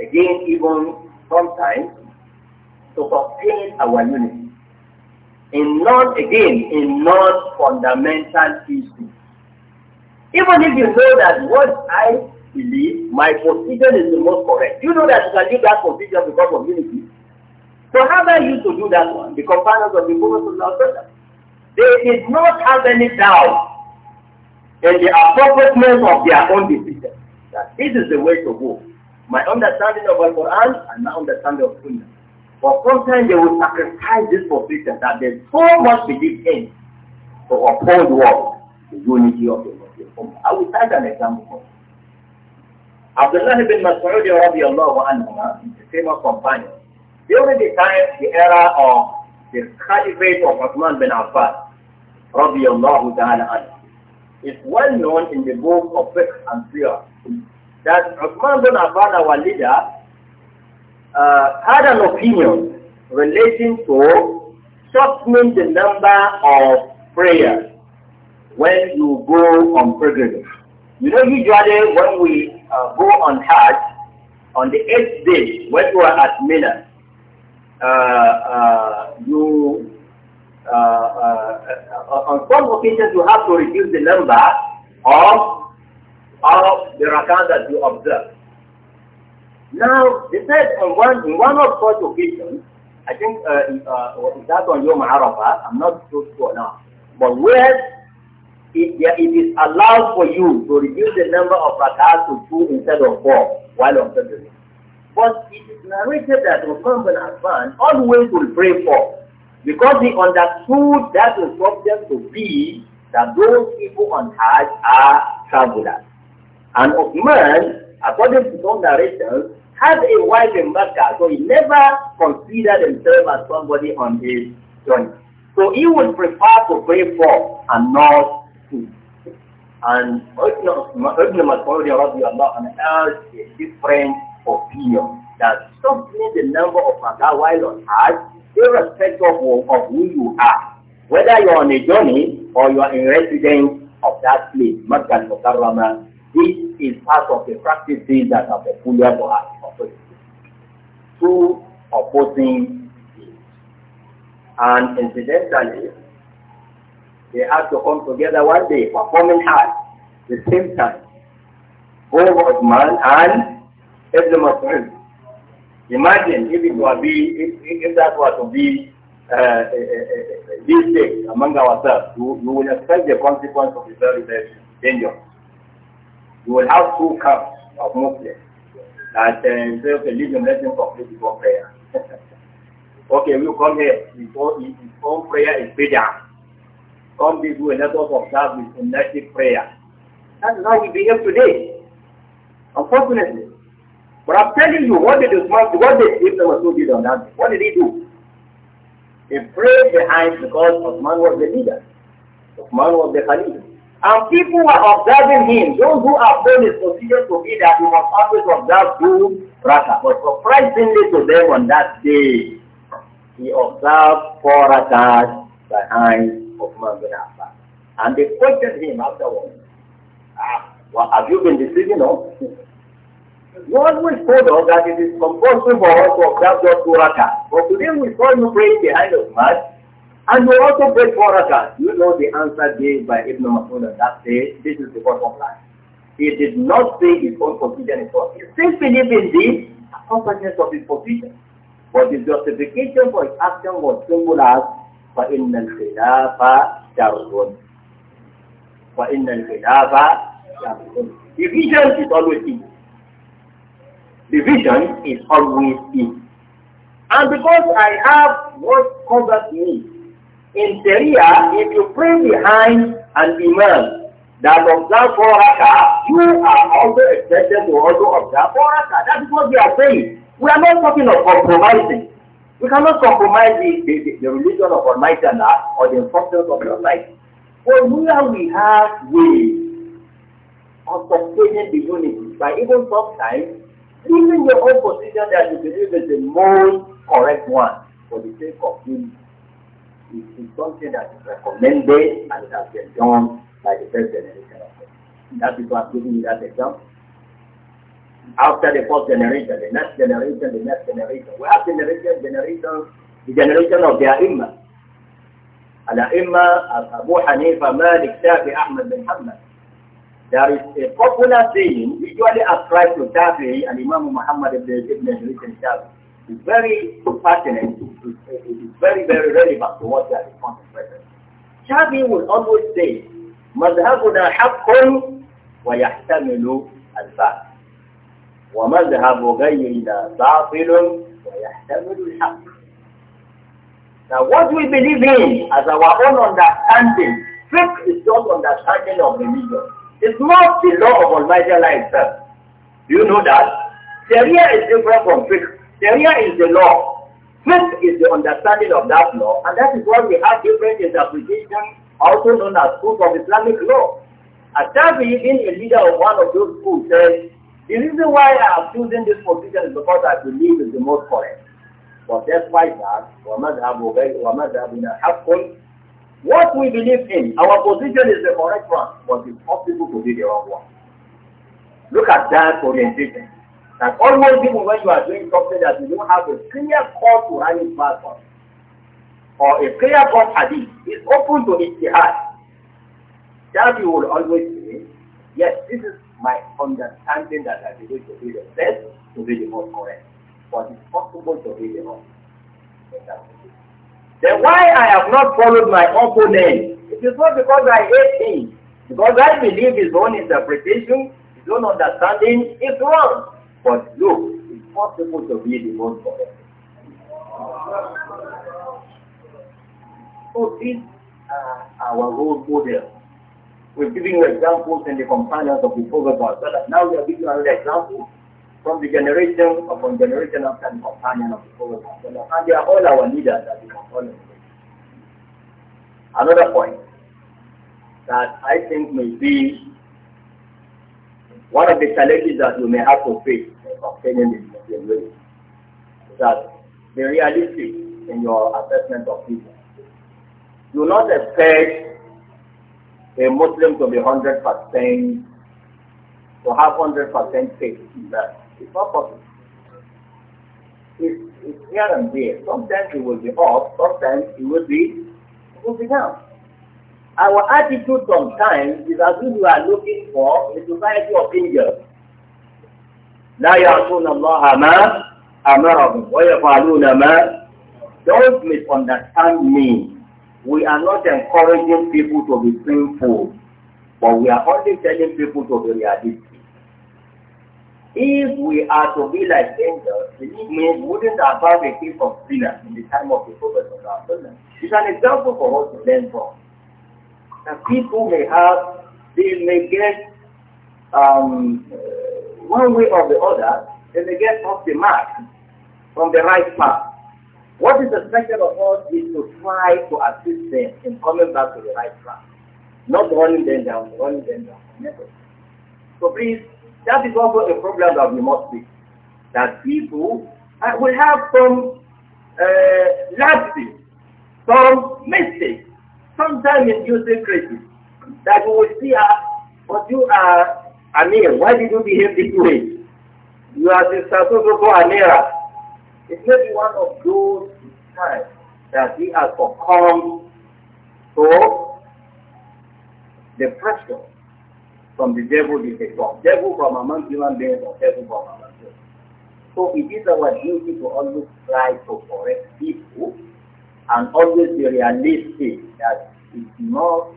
Again, even sometimes to sustain our unity. In non, again, in non-fundamental issues. Even if you know that what I believe, my position is the most correct. You know that you can leave that position because of unity. So how are you to do that one? The companions of the Prophet they did not have any doubt in the appropriateness of their own decision. That this is the way to go. My understanding of Al-Quran and my understanding of Sunnah. For sometimes they will sacrifice this position that there's so much belief in to uphold what? The unity of the Muslim Ummah. I will cite an example. Abdullah ibn Mas'ud radiallahu anhu is a famous companion. During the time, the era of the caliphate of Uthman bin Affan radiallahu ta'ala anhu is well known in the book of Fiqh and Sirah that Uthman bin Affan, our leader, uh, had an opinion relating to shortening the number of prayers when you go on pilgrimage. You know, usually when we uh, go on Hajj, on the eighth day, when you are at Mina, uh, uh, you uh, uh, uh, on some occasions you have to reduce the number of of the rakah that you observe. Now, they said on one, in one of such occasions, I think uh, uh, that on Yom Arafah, I'm not so sure now, but where it, yeah, it is allowed for you to reduce the number of rakahs to two instead of four while observing. But it is narrated that Uthman bin Affan always will pray for because he understood that instruction to be that those people on Hajj are travelers. And man, according to some narrations, had a wife in Mecca, so he never considered himself as somebody on his journey. So he would prefer to pray for and not to. And Ibn Mas'ud has a different opinion that something the number of Mecca while on earth, irrespective of, of who you are, whether you're on a journey or you are a resident of that place, Mecca al-Mukarramah, this is part of the practices that are peculiar to us. Two opposing views. And incidentally, they have to come together one day, performing at the same time. Both Osman and Ibn Mas'ud. Imagine if it were be, if, if that were to be uh, uh, uh, uh, uh these days among ourselves, you, you will expect the consequence of the very, very dangerous you will have two cups of Muslims that uh, say, okay, leave him, let complete his prayer. okay, we come here, before, before prayer is bigger. Come this way, of us observe his inactive prayer. That's how we behave today, unfortunately. But I'm telling you, what did Usman, what did was Masud did on that? What did he do? He prayed behind because Usman was the leader. Usman was the Khalid. And people were observing him. Those who have known his procedure to be that he must always observe two rakah. But surprisingly to them on that day, he observed four rakahs behind of bin And they questioned him afterwards. Ah, well, have you been deceiving us? You always told us that it is compulsory for us to observe just two rakahs. But today we saw you praying behind Uthman and we also prayed four rakats. You know the answer gave by Ibn Masud on that day. This is the bottom line. He did not say his own position is wrong. He still believed in the consciousness of his position. But his justification for his action was simple as فَإِنَّ الْخِلَافَ شَرٌ فَإِنَّ الْخِلَافَ شَرٌ Division is always evil. Division is always evil. And because I have what covers me in Syria, if you pray behind an imam that observes four rakah, you are also expected to also observe four rakah. That is what we are saying. We are not talking of compromising. We cannot compromise the, the, the religion of Almighty Allah or the importance of your life. But where we have ways of sustaining the unity by even sometimes leaving your own position that you believe is the most correct one for the sake of unity. it is something that is recommended and it has been done by the first generation of God. That is why I'm giving you that example. After the first generation, the next generation, the next generation, we have generation, generation, the generation of the Imam. al i Abu Hanifa, Malik, Shafi, Ahmad bin Hamad. There is a popular saying, usually ascribed to Shafi and Imam Muhammad ibn Ibn Shafi. It's very pertinent is, it is very, very relevant to what they are contemplating. Shafi would always say, مذهبنا حق ويحتمل الباطل ومذهب غيرنا باطل ويحتمل الحق Now what we believe in as our own understanding, faith is just understanding of religion. It's not the law of Almighty Allah itself. Do you know that? Sharia is different from faith. Sharia is the law. This is the understanding of that law, and that is why we have different interpretations, also known as schools of Islamic law. Atabi, being a leader of one of those schools, says, the reason why I am choosing this position is because I believe it's the most correct. But that's why that, what we believe in, our position is the correct one, but it's possible to be the wrong one. Look at that orientation. That almost even when you are doing something that you don't have a clear call to run it back on, or a clear cut hadith, is open to ijtihad. That you will always say, yes, this is my understanding that I believe to be the best, to be the most correct. But it's possible to be the most. Then why I have not followed my opponent? It is not because I hate him. Because I believe his own interpretation, his own understanding is wrong. But look, it's possible to be the most correct. So these are uh, our role models. we are giving you examples in the companions of the Prophet that Now we are giving another example from the generation upon generation of the companion of the Prophet And they are all our leaders that we can Another point that I think may be one of the challenges that you may have to face in obtaining the Muslim is that be realistic in your assessment of people. Do not expect a Muslim to be 100% to have 100% faith in that. It's not possible. It's, it's here and there. Sometimes it will be off. sometimes it will be, it will be down. Our attitude sometimes is as if we are looking for a society of angels. لا يعصون الله ما أمرهم ويفعلون ما Don't misunderstand me. We are not encouraging people to be sinful, but we are only telling people to be realistic. If we are to be like angels, believe me, wouldn't have a case of sinners in the time of the Prophet of Allah. It's an example for us to learn from that people may have, they may get um, one way or the other, they may get off the mark from the right path. What is expected of us is to try to assist them in coming back to the right path, not running them down, running them down. So please, that is also a problem that we must fix. That people uh, will have some uh, lapses, some mistakes, Sometimes in using crazy. That you will see her, uh, but you are Amir. Why did you behave this way? You are the are Amira. It may be one of those times that we are succumbed to the pressure from the devil is a God. Devil from among human beings or devil from among humans. So it is our duty to always try to correct people and always be realistic that it's not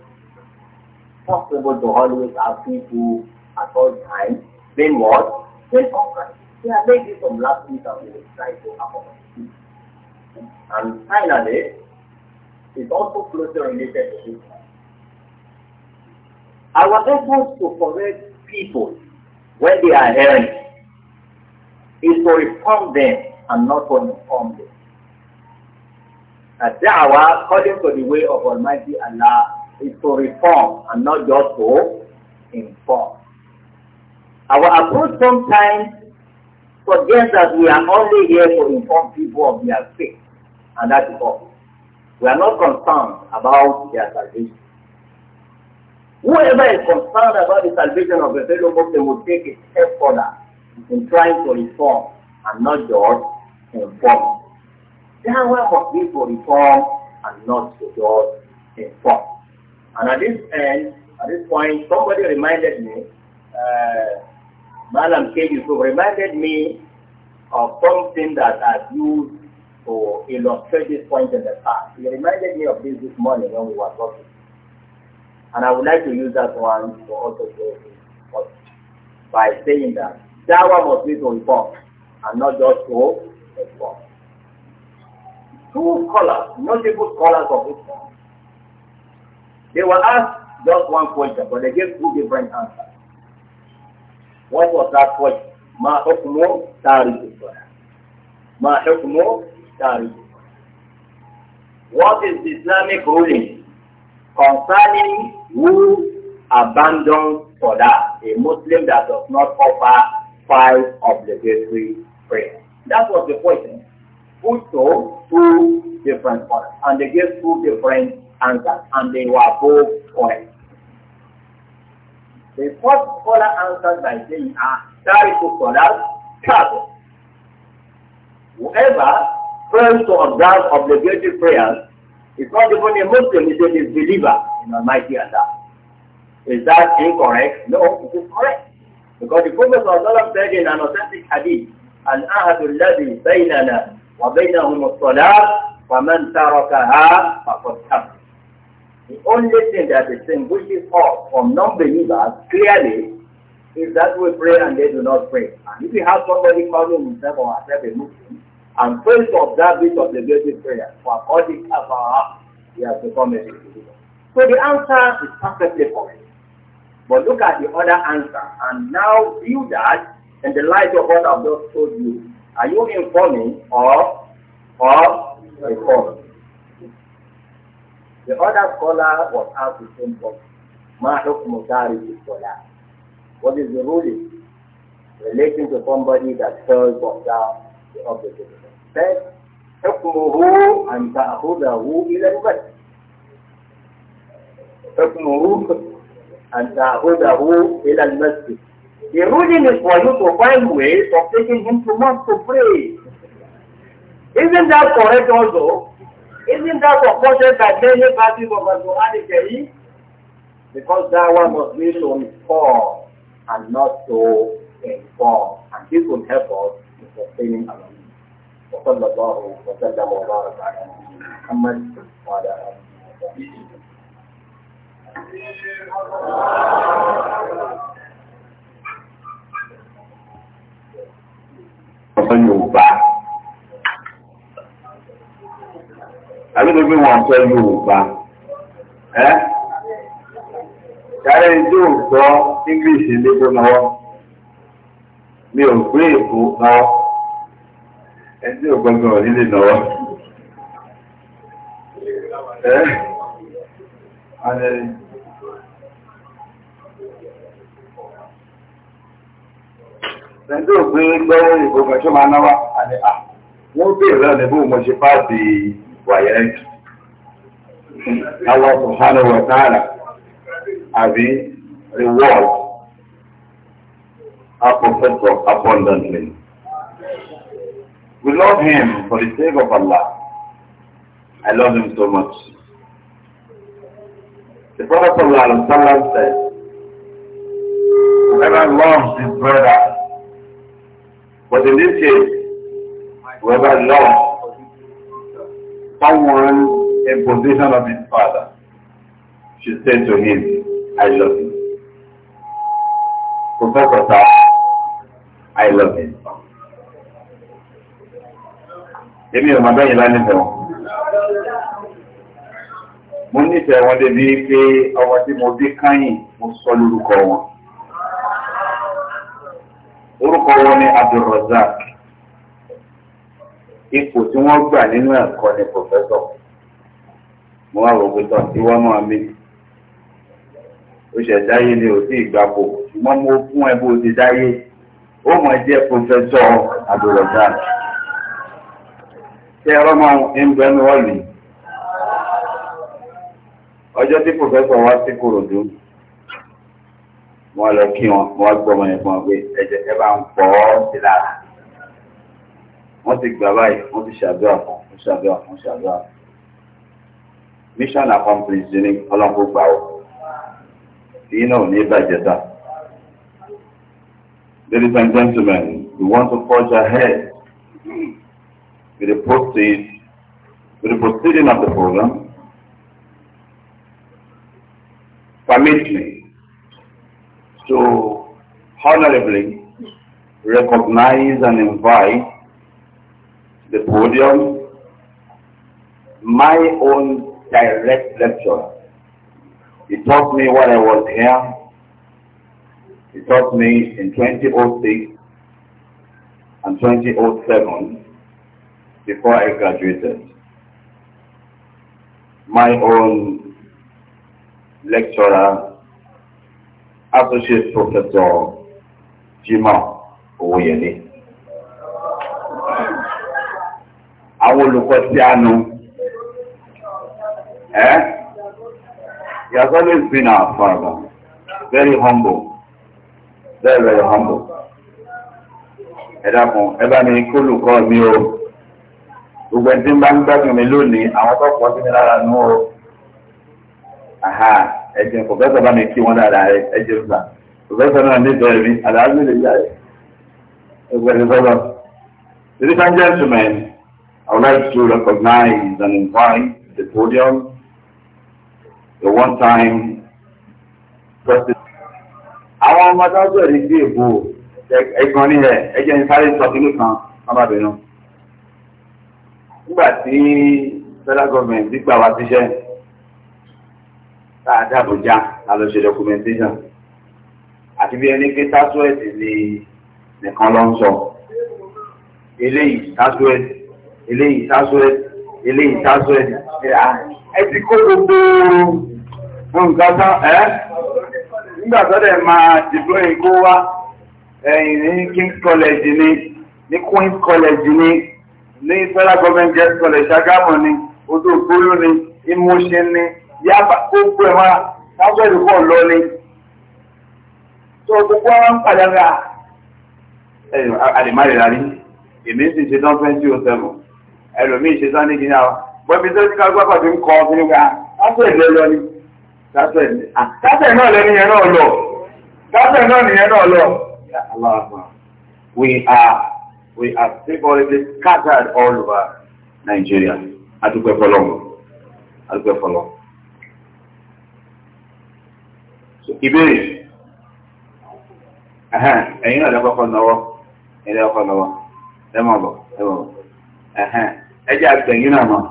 possible to always have people at all times. Then what? Then offer. Yeah, maybe from last week I will try to accommodate. And finally, it's also closely related to this. Our efforts to correct people when they are erring is to reform them and not to inform them. Da'wah, according to the way of Almighty Allah, is to reform and not just to inform. Our approach sometimes forgets that we are only here to inform people of their faith, and that is all. We are not concerned about their salvation. Whoever is concerned about the salvation of the fellow Muslim will take a step further in trying to reform and not just inform. Dawah must be for reform and not to just inform. And at this end, at this point, somebody reminded me, uh, Malam K. Yusuf reminded me of something that I've used to illustrate this point in the past. He reminded me of this this morning when we were talking. And I would like to use that one to also close by saying that Dawah must be to inform and not just to inform two scholars, notable scholars of Islam. They were asked just one question, but they gave two different answers. What was that question? ما What is the Islamic ruling concerning who abandons for that a Muslim that does not offer five obligatory prayers? That was the question also two different ones. And they gave two different answers, and they were both correct. The first scholar answered by saying, ah, that is to scholars, Whoever fails to observe obligatory prayers is not even a Muslim, he's a disbeliever in Almighty Allah. Is that incorrect? No, it is correct. Because the Prophet said in an authentic hadith, Al-Ahadu الذي بيننا وبينهم الصلاة فمن تركها فقد حق. The only thing that distinguishes us from non-believers clearly is that we pray and they do not pray. And if you have somebody calling himself or herself a Muslim and fails to observe this obligatory prayer for according to our he has become a believer. So the answer is perfectly correct. But look at the other answer and now view that in the light of what I've just told you Are you informing or or informing? The other scholar was asked the same question. Ma hukmu tariqi What is the ruling relating to somebody that tells of down the object of the Said, hukmuhu and ta'khudahu ila al-masjid. Hukmuhu the ta'khudahu ila al-masjid. The ruling is for you to find ways of taking him to mosque to pray. Isn't that correct also? Isn't that supported by many parties of Al-Quran Because that one must be to inform and not to inform. Eh, and this will help us in sustaining our needs. وصلى الله وسلم وبارك على محمد وعلى اله وصحبه ọmọ Yorùbá àbíkẹ́gbẹ́ wọn sọ Yorùbá ẹ́ sáré tí ò English lédè náà mi ò gbé èkó náà ẹ tí ò nílé náà ẹ́ ẹ̀ńdí ògbé gbẹ́rẹ́ ìbò mẹ́tọ́ máa náwà àní à ah, wọ́n bèèrè rẹ̀ níbò mo ṣe páàsì wàyẹ̀rẹ́ǹtì àwọn sùhánù wọ̀tánà àbí reward approfessed of abundantly we love him for the sake of Allah I love him so much the Prophet sallallahu alaihi wasallam said whoever loves his brother But in this case, whoever lost someone in possession of his father she said to him, I love you. Professor Sir, I love you. Èmi ò máa bẹ́yìn wọn. Mo nífẹ̀ẹ́ wọn débi pé ọmọ tí mo bí káyìn mo sọ lórúkọ wọn orúkọ wọn ni Abdulrazak ipò tí wọ́n gbà nínú ẹ̀kọ́ ni pòfẹ́sọ̀ mo wá rògbé tán tí wọ́n máa mi ó ṣẹ̀ dáyé ni ò sí ìgbàpò ṣùgbọ́n mo fún ẹ bó ti dáyé ó mọ̀ jẹ́ pòfẹ́sọ̀ Abdulrazak ṣé ẹ̀rọ máa ń bẹnu ọ̀lì ọjọ́ tí pòfẹ́sọ̀ wá sí Kòròdú wọ́n lọ kí wọn wọ́n gbọ́ ọmọ yẹn fún wọn pé ẹ̀jẹ̀ ẹ bá ń pọ̀ ọ́ sí lára wọ́n ti gbà báyìí wọ́n ti ṣàdúrà fún wọ́n ṣàdúrà fún wọ́n ṣàdúrà fún mission accomplished ní ọlọ́nkó gbà ó èyí náà ní bàjẹ́ dà. Ladies and gentlemen, we want to forge ahead with the proceed with the proceeding of the program. Permit me to honorably recognize and invite the podium my own direct lecturer. He taught me while I was here. He taught me in 2006 and 2007 before I graduated. My own lecturer associate professor Jimoh Owóyẹlé. Àwọn olùkọ́ tí a nu, eh? He has always been our father, very humble, very very humble. Ẹ̀dàkùn, ẹbá mi kó olùkọ́ mi o, gbogbo ẹni tí ń bá ń gbádùn mi lónìí, àwọn tó pọ̀ sí mi lára nú o. Aha ẹ̀jẹ̀ pọ̀fẹ́sọ̀ bá mi kí wọ́n dára rẹ̀ ẹ̀jẹ̀ gbà pọ̀fẹ́sọ̀ náà nífẹ̀ẹ́ mi àdáhùn lè yá ẹ̀ ẹgbẹ́ ìfọ́lọ́. Ladies and gentlemen, I would like to recognize and invite the podium the one-time president. Àwọn ọmọ dájọ́ rí sí èbò ẹ̀gbọ́n ní ẹ̀ ẹjẹ́ ní sáré sọ sínú kan ọmọbìnrin. Nígbà tí federal government gbígbà wá síṣẹ́, láàdá àbújá alóṣe documentation àti bí ẹni pé tásúwẹ̀tì ni nìkan ló ń sọ eléyìí tásúwẹ̀tì eléyìí tásúwẹ̀tì eléyìí tásúwẹ̀tì ẹ ti kó gbogbo nǹkan tán ẹ́ nígbà tó dẹ̀ máa dìbòyìn kó wá ẹ̀yìn ní King's College ni ní Queen's College ni ní Federal Government Girls College Ṣàgámù ni odò gbólú ni Ìmúṣin ni yá gbogbo máa tó gbogbo ń ẹ èmi sì ṣe tán twenty oh seven ẹlòmíì ṣe tán bọ́bí tó ti ká gbọ́ pàtó ń kọ́ ọ́ fún ni kásẹ̀ náà lẹ́nu yẹn náà lọ kásẹ̀ náà nìyẹn náà lọ. We are we are scattered all over Nigeria. Adúpẹ́ fọlọ́mù. Adúpẹ́ fọlọ́mù. ìbéèrè ẹ̀yin náà lọ́kọ́kọ́ lọ́wọ́ ẹ̀yin lọ́kọ́ lọ́wọ́ ẹ mọ̀ bọ̀ ẹ mọ̀ bọ̀ ẹ jẹ́ àgbẹ̀yìn náà mọ̀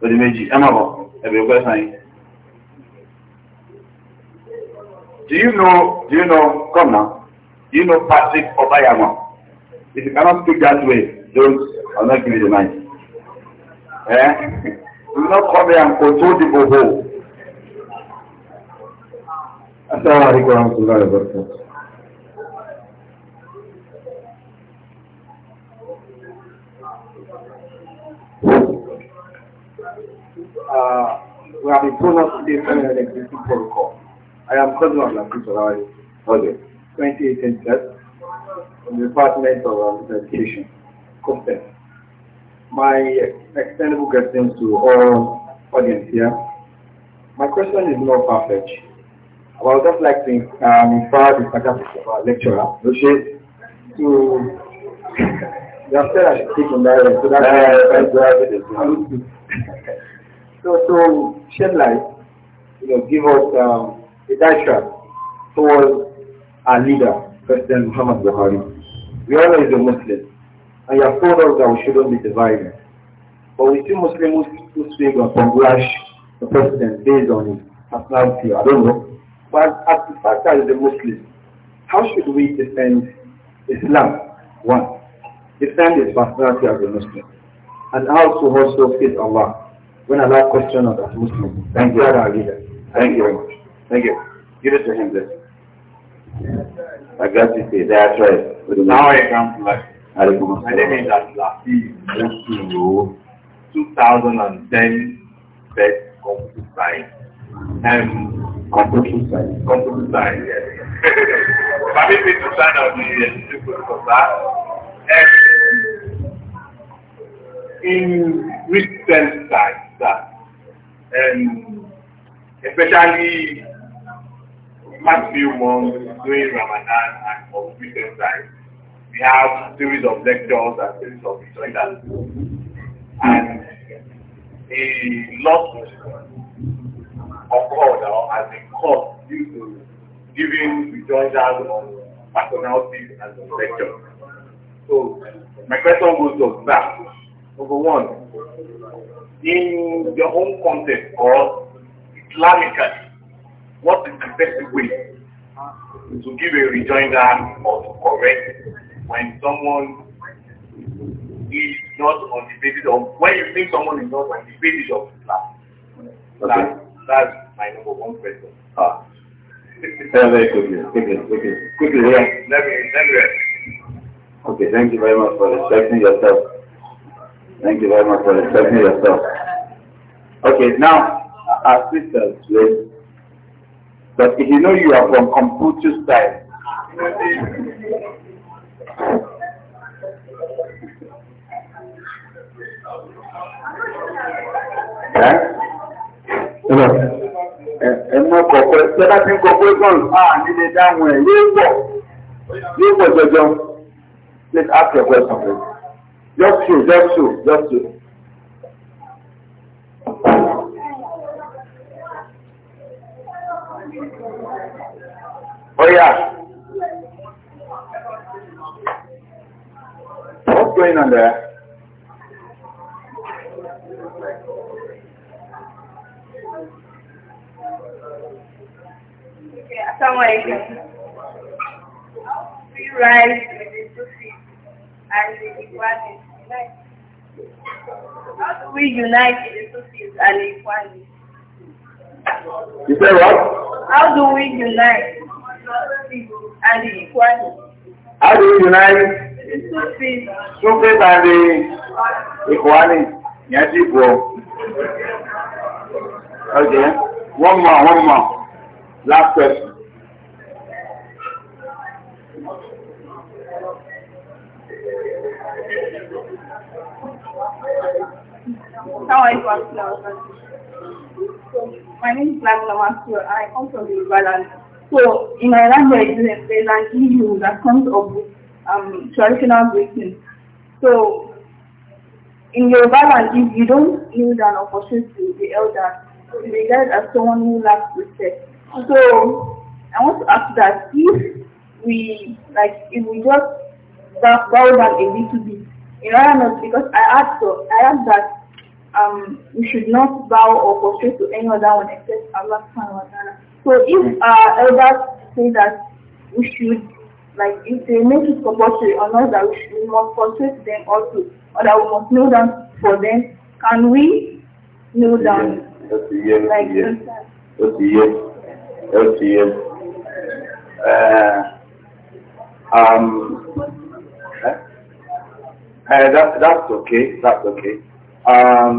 lórí méjì ẹ mọ̀ bọ̀ ẹ bẹ̀rẹ̀ pẹ́ sàn Do you know, do you know, come now, do you know Patrick Obayama? If you cannot speak that way, don't, I'll not give you the mic. Eh? Do not come here and control the boho. السلام عليكم ورحمة الله وبركاته Uh, we have informed us today from an existing protocol. I am Cosmo Lakutarari, okay. 2018 class, from the Department of Education, COPTES. My extendable questions to all audience here. My question is not perfect. I'd just like um, to um, infer the sarcasm of our lecturer, to just speak in so that's So, so shed light, you know, give us um, a diatribe towards our leader, President Muhammad Buhari. We all know he's a Muslim, and you have told us that we shouldn't be divided. But we see Muslims who speak on Bangladesh, the president, based on his personality, I don't know. But as the fact that the Muslim, how should we defend Islam? One, defend its prosperity as a Muslim. And also also face Allah. When Allah question us as Muslim. thank you, Thank you very much. Thank you. Give it to him this. I got you see, that's right. Now I come to life. My name is Atlafi Osuo, 2010 best computer science. and. Completely silent. Completely silent, yes. Permit me to sign out the people for that. And in recent times, that, and especially last few months during Ramadan and of recent times, we have series of lectures and series of recital. And a lot of order or as course, due to giving rejoinders on personalities and sector. So my question goes to that. Number one, in your own context or Islamically, what is the best way to give a rejoinder or to correct when someone is not on the basis of when you think someone is not on the basis of Islam? that, that's my number one question. Ah. Very, very quickly, quickly, quickly, quickly, yeah. Okay, thank you very much for respecting yourself. Thank you very much for respecting yourself. Okay, now, our uh, uh, sisters, please. But if you know you are from Confucius side, eh? Hello. ẹ̀mọ́ kọ̀ọ̀kọ́ ẹ̀sẹ̀dá tí ń kọ questions ah nílé dáhùn ẹ̀ yóò pọ̀ yóò pọ̀ jọjọ please ask your question please just show just show just show. Oya. What's going on there? someone I can free rice with the sushi and the iguanas. How do we unite the sushis and the iguanas? You say what? How do we unite and the iguanas? How do we unite the sushis, sushis and the equality, Yes, Okay. One more, one more. Last question. How are you, So, my name is Black Lamasio, and I come from the Balance. So, in my language, there's an EU that comes of um, traditional greetings. So, in your balance, if you don't yield an opportunity to the elder, you regard as someone who lacks respect. So, I want to ask that if we, like, if we just bow down a little bit, in order because I asked, I asked that um, we should not bow or prostrate to any other one except Allah subhanahu wa ta'ala. So if uh, elders say that we should, like if they make it compulsory or not, that we, should, we must prostrate them also, or that we must kneel down for them, can we kneel down? Yes, yes, yes, yes. LCM. Uh, um, eh? uh, that's, that's okay, that's okay. Um,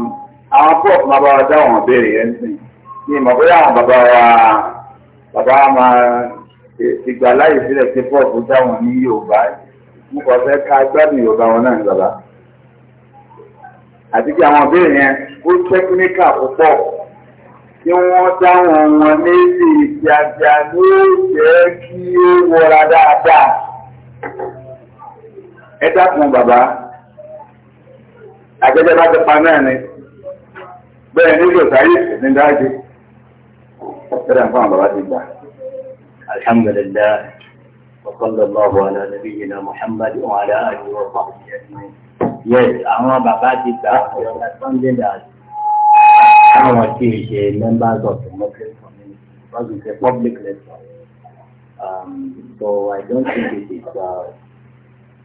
àwọn prof máa bá wa dáhùn ọ̀bẹ̀rẹ̀ yẹn sí ní ìmọ̀ bóyá àwọn bàbá wa bàbá wa máa ìgbà láyè sílẹ̀ pé prof dáhùn ní Yorùbá mo kàn fẹ́ ká gbádùn Yorùbá wọn náà ní bàbá àti kí àwọn ọ̀bẹ̀rẹ̀ yẹn ó tẹ́kíníkà púpọ̀ tí wọ́n dáhùn wọn méjì ìjàjà ló jẹ́ kí ó wọra dáadáa ẹ dákun bàbá àjẹjẹ bá pa náà ni bẹ́ẹ̀ nílò sáyé ní dájú ọ̀pẹ̀rẹ̀ nǹkan àbàbá bàbá ti gbà ọ̀rọ̀ sunday dad àwọn tí ì ṣe members um, so i don't think it is uh,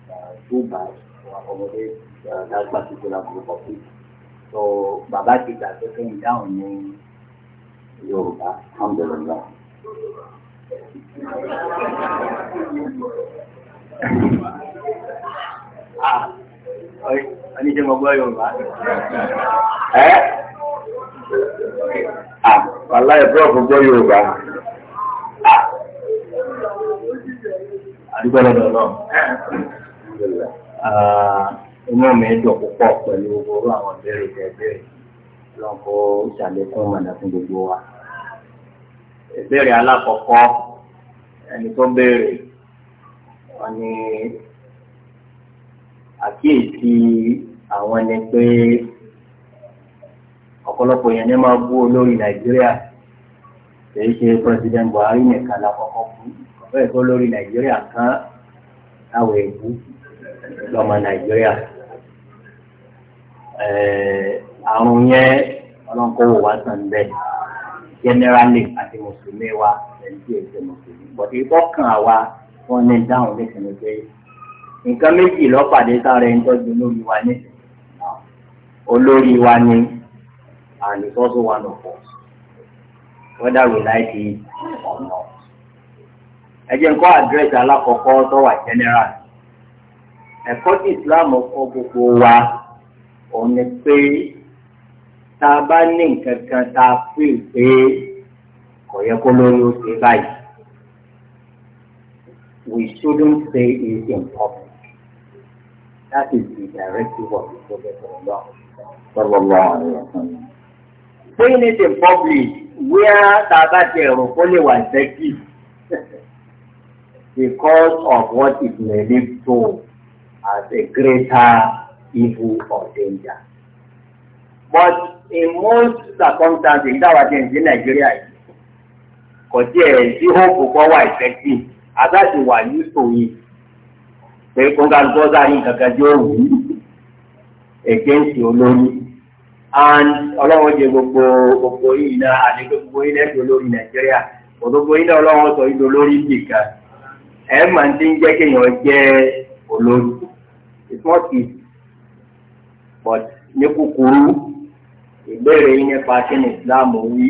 uh, too bad to accommodate lágbà tó tó lágbo kọfí tó bàbá ti gbà pé kéyìn dáhùn ní yorùbá alhamdulilayi. ah oníṣẹ́ mọ̀ gbọ́ yorùbá. ẹ́ ah wàláyé búrọ́ọ̀fù gbọ́ yorùbá. àdúgbò ah, lọ́dọ̀ náà inú mi dùn púpọ̀ pẹ̀lú orú àwọn ìbéèrè tẹ béèrè lọ́n kó ìṣàlékún mọ̀nà fún gbogbo wa. ìbéèrè alákọ̀ọ́kọ́ ẹni tó béèrè wọn ni àkíyèsí àwọn ni pé ọ̀pọ̀lọpọ̀ èèyàn ní máa bú olórí nàìjíríà kì í ṣe president buhari nìkan lákọ̀ọ́kọ́ bú bẹ́ẹ̀ tó olórí nàìjíríà kan láwọn èèbú lọ́mọ nàìjíríà. Eh, àrùn yẹn ọlọ́nkọ́wò wá sàn bẹ́ẹ̀ generally àti mùsùlùmí wa ẹni tí mùsùlùmí wa wọ́n ní dáhùn pé nǹkan méjì lọ́pàdé sáré ń tọ́jú wa ní olórí wa ní and it's also one of us general ẹ̀kọ́ Islam gbogbo wa. òun pé tá a bá ní nǹkan kan tá a fi pé kò yẹ kó lóyún ó báyìí we shouldn't say it in public. That is the directive of the Prophet of Allah. Sallallahu alayhi wa sallam. Saying it in public, where Taba Terofoli was effective because of what it may lead to as a greater evil or danger. But in most circumstances, ìdá wa ti ń di Nàìjíríà yìí, kò sí ẹ̀ sí hope kọ́ wà ìfẹ́sì, against And ọlọ́run gbogbo gbogbo yìí náà àti gbogbo yìí Nigeria. gbogbo ina náà ọlọ́run sọ yìí olórí nìkan. Ẹ máa but ní kúkúrú ìbéèrè yín nípa kí ni islam wí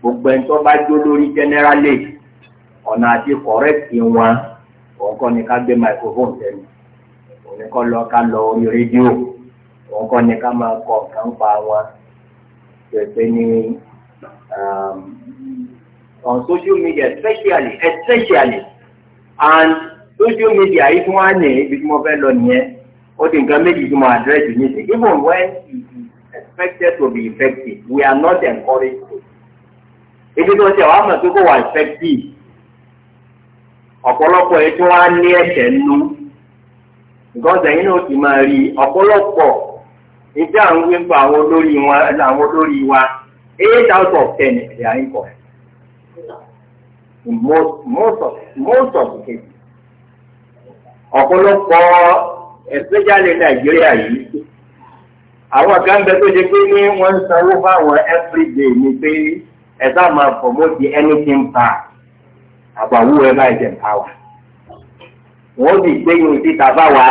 gbogbo ẹni tó bá jó lórí generally ọ̀nà àti correct wọn òun kọ́ ni ká gbé microphone sẹ́nu òun ni kọ́ lọ ká lọ orí rédíò òun kọ́ ni ká máa kọ nǹkan pa wọn pèpè ní um, on social media especially especially and social media yìí fún wa ní ibi tí mo fẹ́ lọ nìyẹn. okay di nǹkan méjì tí address yìí ṣe even when it is expected to be effective we are not encouraged to. effective tí á ní náà ti máa rí àwọn wí pa àwọn olórí they are kọ most most of most of the cases especially nàìjíríà yìí àwọn kan bẹ tó ṣe pé ní wọ́n ń sanwó fáwọn everyday ni pé ẹ sá máa promote the anything back àbàwú ẹ bá ẹsẹ̀ power wọ́n sì gbé yìí síta báwa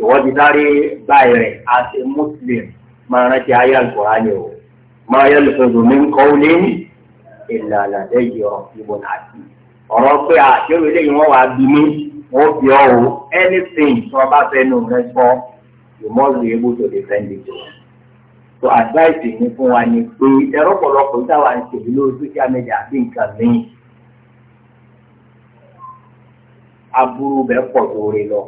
ìwọ́n ti sáré báyìí rẹ̀ as a muslim máa rántí ayé àgbọ̀rá ni o máa yẹ lùfẹ̀dùn mi ń kọ́ ó lé ní ìlànà lẹ́yìn ọ̀rọ̀ ìbọn àti ọ̀rọ̀ pé àṣírí lẹ́yìn wọn wà bí mi wọ́n bí ọ o anything tí wọ́n bá fẹ́nu rẹ sọ you must be able to defend it so advice mi fún wa ni pé ẹ̀rọ pọ̀lọpọ̀ táwa ń ṣèlú lórí social media àbí nǹkan míì aburú bẹ́ẹ̀ pọ̀ lórí lọ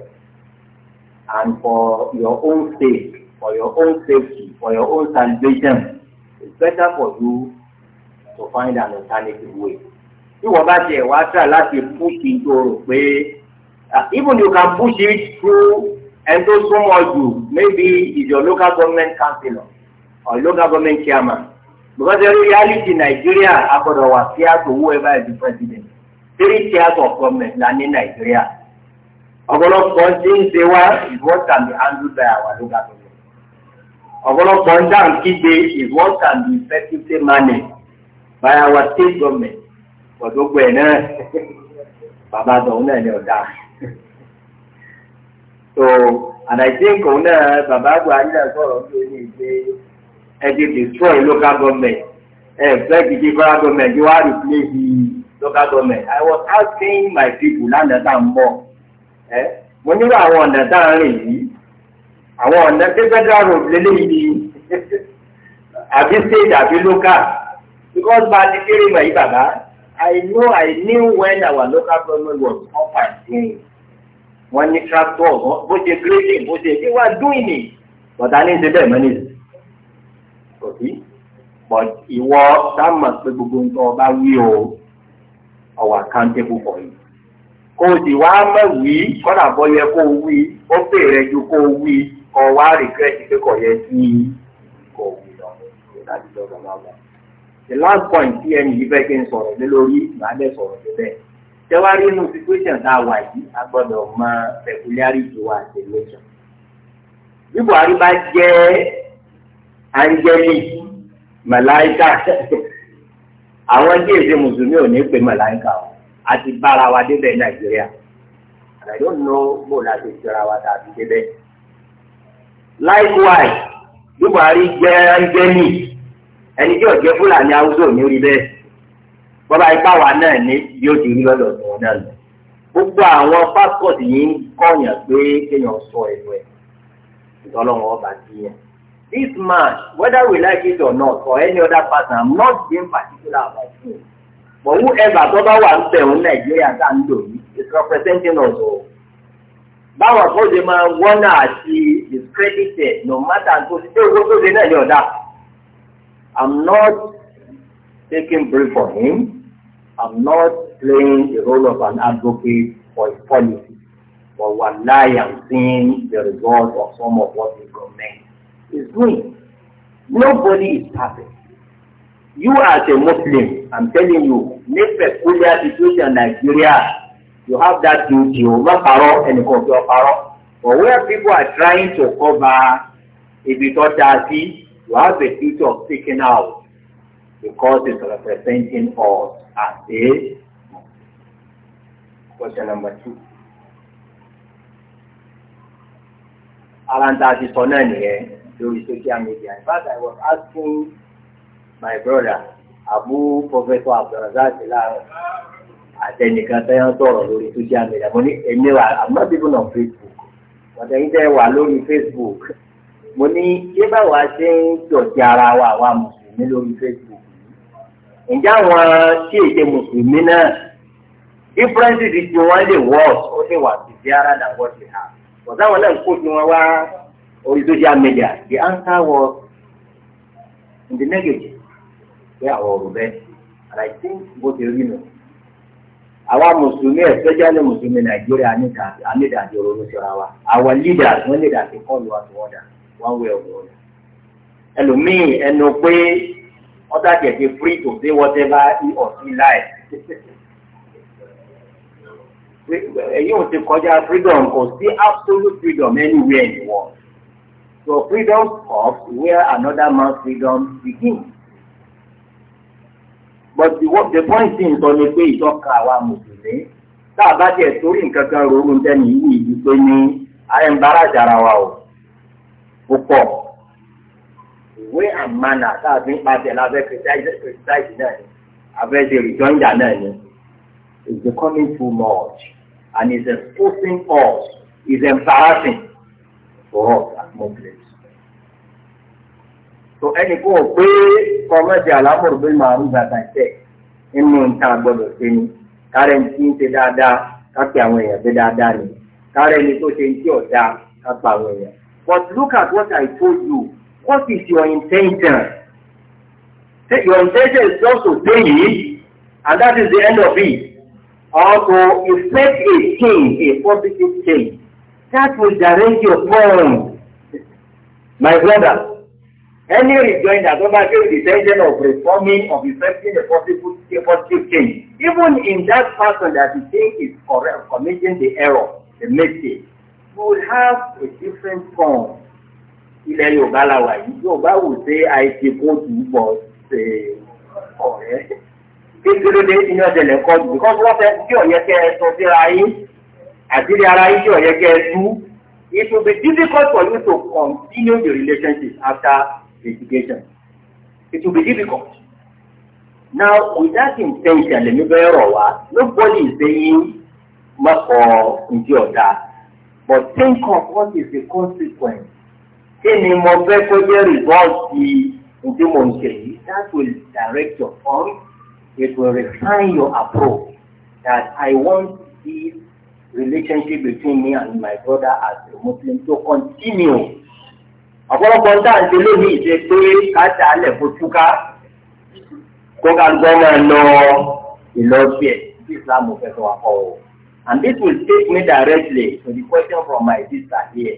and for your own sake for your own safety for your own salvation it's better for you to find an alternative way. tí wọ́n bá tiẹ̀ wá tà láti fún kí n tó rò pé even you can push it through and those who want you, maybe is your local government councillor or local government chairman. Because the reality in Nigeria, after our fear to whoever is the president, three tiers of government land in Nigeria. Ọ̀pọ̀lọpọ̀ ṣe ń ṣe wá is what can be handled by our local government. Ọ̀pọ̀lọpọ̀ ń dá kígbe is what can be effectively managed by our state government. Ọ̀dọ́gbọ̀ ẹ̀ náà, bàbá àtọ̀hún náà ni ọ̀daràn so and I think òun náà bàbá Buhari náà sọ̀rọ̀ ní orí ìgbé ẹ ti destroy local government ẹ fẹ́ kìkì federal government you are replace the local government I was asking my people lánàá tá à ń bọ̀ ẹ mo nílò àwọn ọ̀nà tá à ń rìn yìí àwọn ọ̀nà tí federal road lélẹ́yìí ni àbí state àbí local because bá a ti kéré mọ̀ yí bàbá. I know I knew when our local government was offered hmm. wọ́n ní tractor bó the grading bó ṣe they were doing it but that is the bẹ́ẹ̀ mọ́ nílẹ̀ But it was ìwọ must be going to ọba wí o ọwọ́ accountable for it kò sì wá mọ̀ wí kọ́nà bọ́ yẹ kó wí ó bèèrè ju kó wí kọ́ wá regret pé kò yẹ kí kò wí lọ the last point tí ẹni yìí fẹ́ kí n sọ̀rọ̀ lé lórí ìbálẹ̀ sọ̀rọ̀ lébẹ̀ tẹ́wárí inú situation tá a wà yìí a gbọ́dọ̀ mọ peculiarity wa àti nation bí Buhari bá jẹ́ angelic màláíkà àwọn tí èsì mùsùlùmí ò ní pè màláíkà o àti bára wa débẹ̀ Nàìjíríà àlàyé òun ló bò láti jọra wa tàbí débẹ̀ likewise bí Buhari jẹ́ angelic. ẹni tí ọ̀jẹ́ fúlàní haúsá ní náà ní bí ti rí lọ́dọ̀ tó náà lọ. gbogbo àwọn yìí ń pé kéèyàn sọ ọba ti this man whether we like it or not or any other person i'm not being particular about him but whoever tó bá wà ń bẹ̀rù nàìjíríà tá ń lò yìí is representing us o. báwọn discredited no matter tó tó I'm not taking brief for him. I'm not playing the role of an advocate for his policy. But one I am seeing the result of some of what the government is doing. Nobody is perfect. You as a Muslim, I'm telling you, make peculiar situation in Nigeria, you have that duty, you will not paro and you But where people are trying to cover a tó dáa you have the duty of speaking out because it's representing us as a Question number two. Ara ń ta ti sọ náà social media. In fact, I was asking my brother Abu Professor Abdulrazak Láàrọ̀ àtẹnìkan tẹ́yán sọ̀rọ̀ lórí social media. Mo ní èmi wà I'm not even on Facebook. Wọ́n tẹ̀yìn tẹ́ wà lórí Facebook. mo ní ṣé báwa ṣe ń dọ̀tí ara wa àwa mùsùlùmí lórí facebook ǹjẹ́ àwọn èdè mùsùlùmí náà ti wọn lè wọ́ ó lè wà sí ti ara dà wọ́ sí ha ọ̀sán wọn náà kó ti wọn wá orí social media the answer was in the negative pé àwọn ọ̀rọ̀ bẹ́ẹ̀ and I think bó ti rí nù àwa mùsùlùmí especially mùsùlùmí nàìjíríà nídàájọ́ ronú síra wa our leaders wọ́n lè dà sí kọ́ọ̀lù wa tó wọ́n dà wọ́n wẹ̀ wọ̀ ni. ẹlòmíì ẹnu pé ọ̀tá jẹ̀jẹ̀ free to say whatever he or she like. èyí ò ti kọjá freedom kò sí absolute freedom anywhere in the world. so freedom of where another man's freedom begin. but the, the point is sọ ni pé ìtọ́ka àwa mùsùlùmí tá a bá tiẹ̀ torí nǹkan kan ronú tẹ́ni yìí yìí pé ní à ń jara wa o púpọ̀ ìwé àmàna tàbí pàṣẹ lábẹ́ kìrìtáìsì náà ni abẹ́ṣe ìjọ́njà náà ni is becoming too much and it's exposing us It's embarrassing for us as Muslims. so ẹnì kan ò pé kọ́mẹ́sì alámọ̀rò bí màálù bàtà tẹ̀ nínú nǹkan àgbọ̀dọ̀ ṣe ni kárẹ́ǹtì ń ṣe dáadáa ká pe àwọn èèyàn bí dáadáa ni kárẹ́ǹtì tó ṣe ń tí ọ̀dà ká pa àwọn èèyàn. But look at what I told you. What is your intention? Your intention is just to pay me, and that is the end of it. Or to effect a change, a positive change. That will direct your problem. My brother, any rejoinder that overcame the intention of reforming, of effecting a possible a positive change, even in that person that you think is correct, committing the error, the mistake, you have a different form ilẹ̀ yorùbá la wà yìí yorùbá wò ṣe àìsè kóòtù bọ̀ ṣe ọ̀rẹ́ kékeré lé ní ọ̀dẹ̀lẹ̀ kọ́ọ̀tù because wọ́n fẹ́ kí ọ̀yẹ́ kẹ́ ẹ sọ síra yín àtìrí ara yín kí ọ̀yẹ́ kẹ́ ẹ tú it will be difficult for you to continue the relationship after litigation it will be difficult now with without intention lèmi bẹ́ẹ̀ rọ̀ wá nobody is saying mọ́kọ̀ọ́ ǹjẹ́ ọ̀dà. But think of what is the consequence. Kí ni mo fẹ́ kó jẹ́ rìbọ́ọ̀tì ǹdí mo ń ṣe yìí? That will direct your thought. It will refine your approach. That I want this relationship between me and my brother as a Muslim to continue. Ọ̀pọ̀lọpọ̀ ń dáhùn lónìí ṣe pé káṣá alẹ̀ kó túká. Kó ká gbọ́ máa lọ ìlọ́sí ẹ̀ sí Islam fẹ́ fún wa kọ́ o. And this will take me directly to the question from my sister here.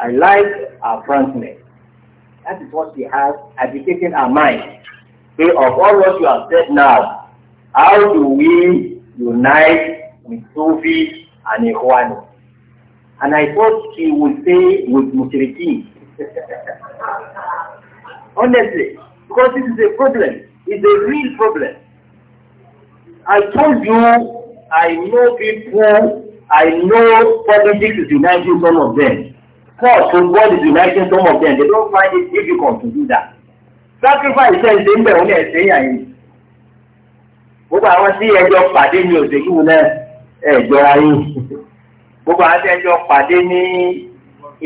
I like our frankness. That is what she has agitating her mind. Say, of all what you have said now, how do we unite with Sophie and Ihuano? And I thought she would say with Musiriki. Honestly, because this is a problem. It's a real problem. I told you I know people, I know politics is uniting some of them. Cause to God is uniting some of them. They don't find it difficult to do that. Sacrifice ṣe ń ṣe ń bẹ̀ wọ́n ní ẹ̀sẹ̀ yàn yìí. Gbogbo àwọn tí ẹjọ́ pàdé ní òṣèlú náà ẹ̀jọ́ ayé. Gbogbo àwọn tí ẹjọ́ pàdé ní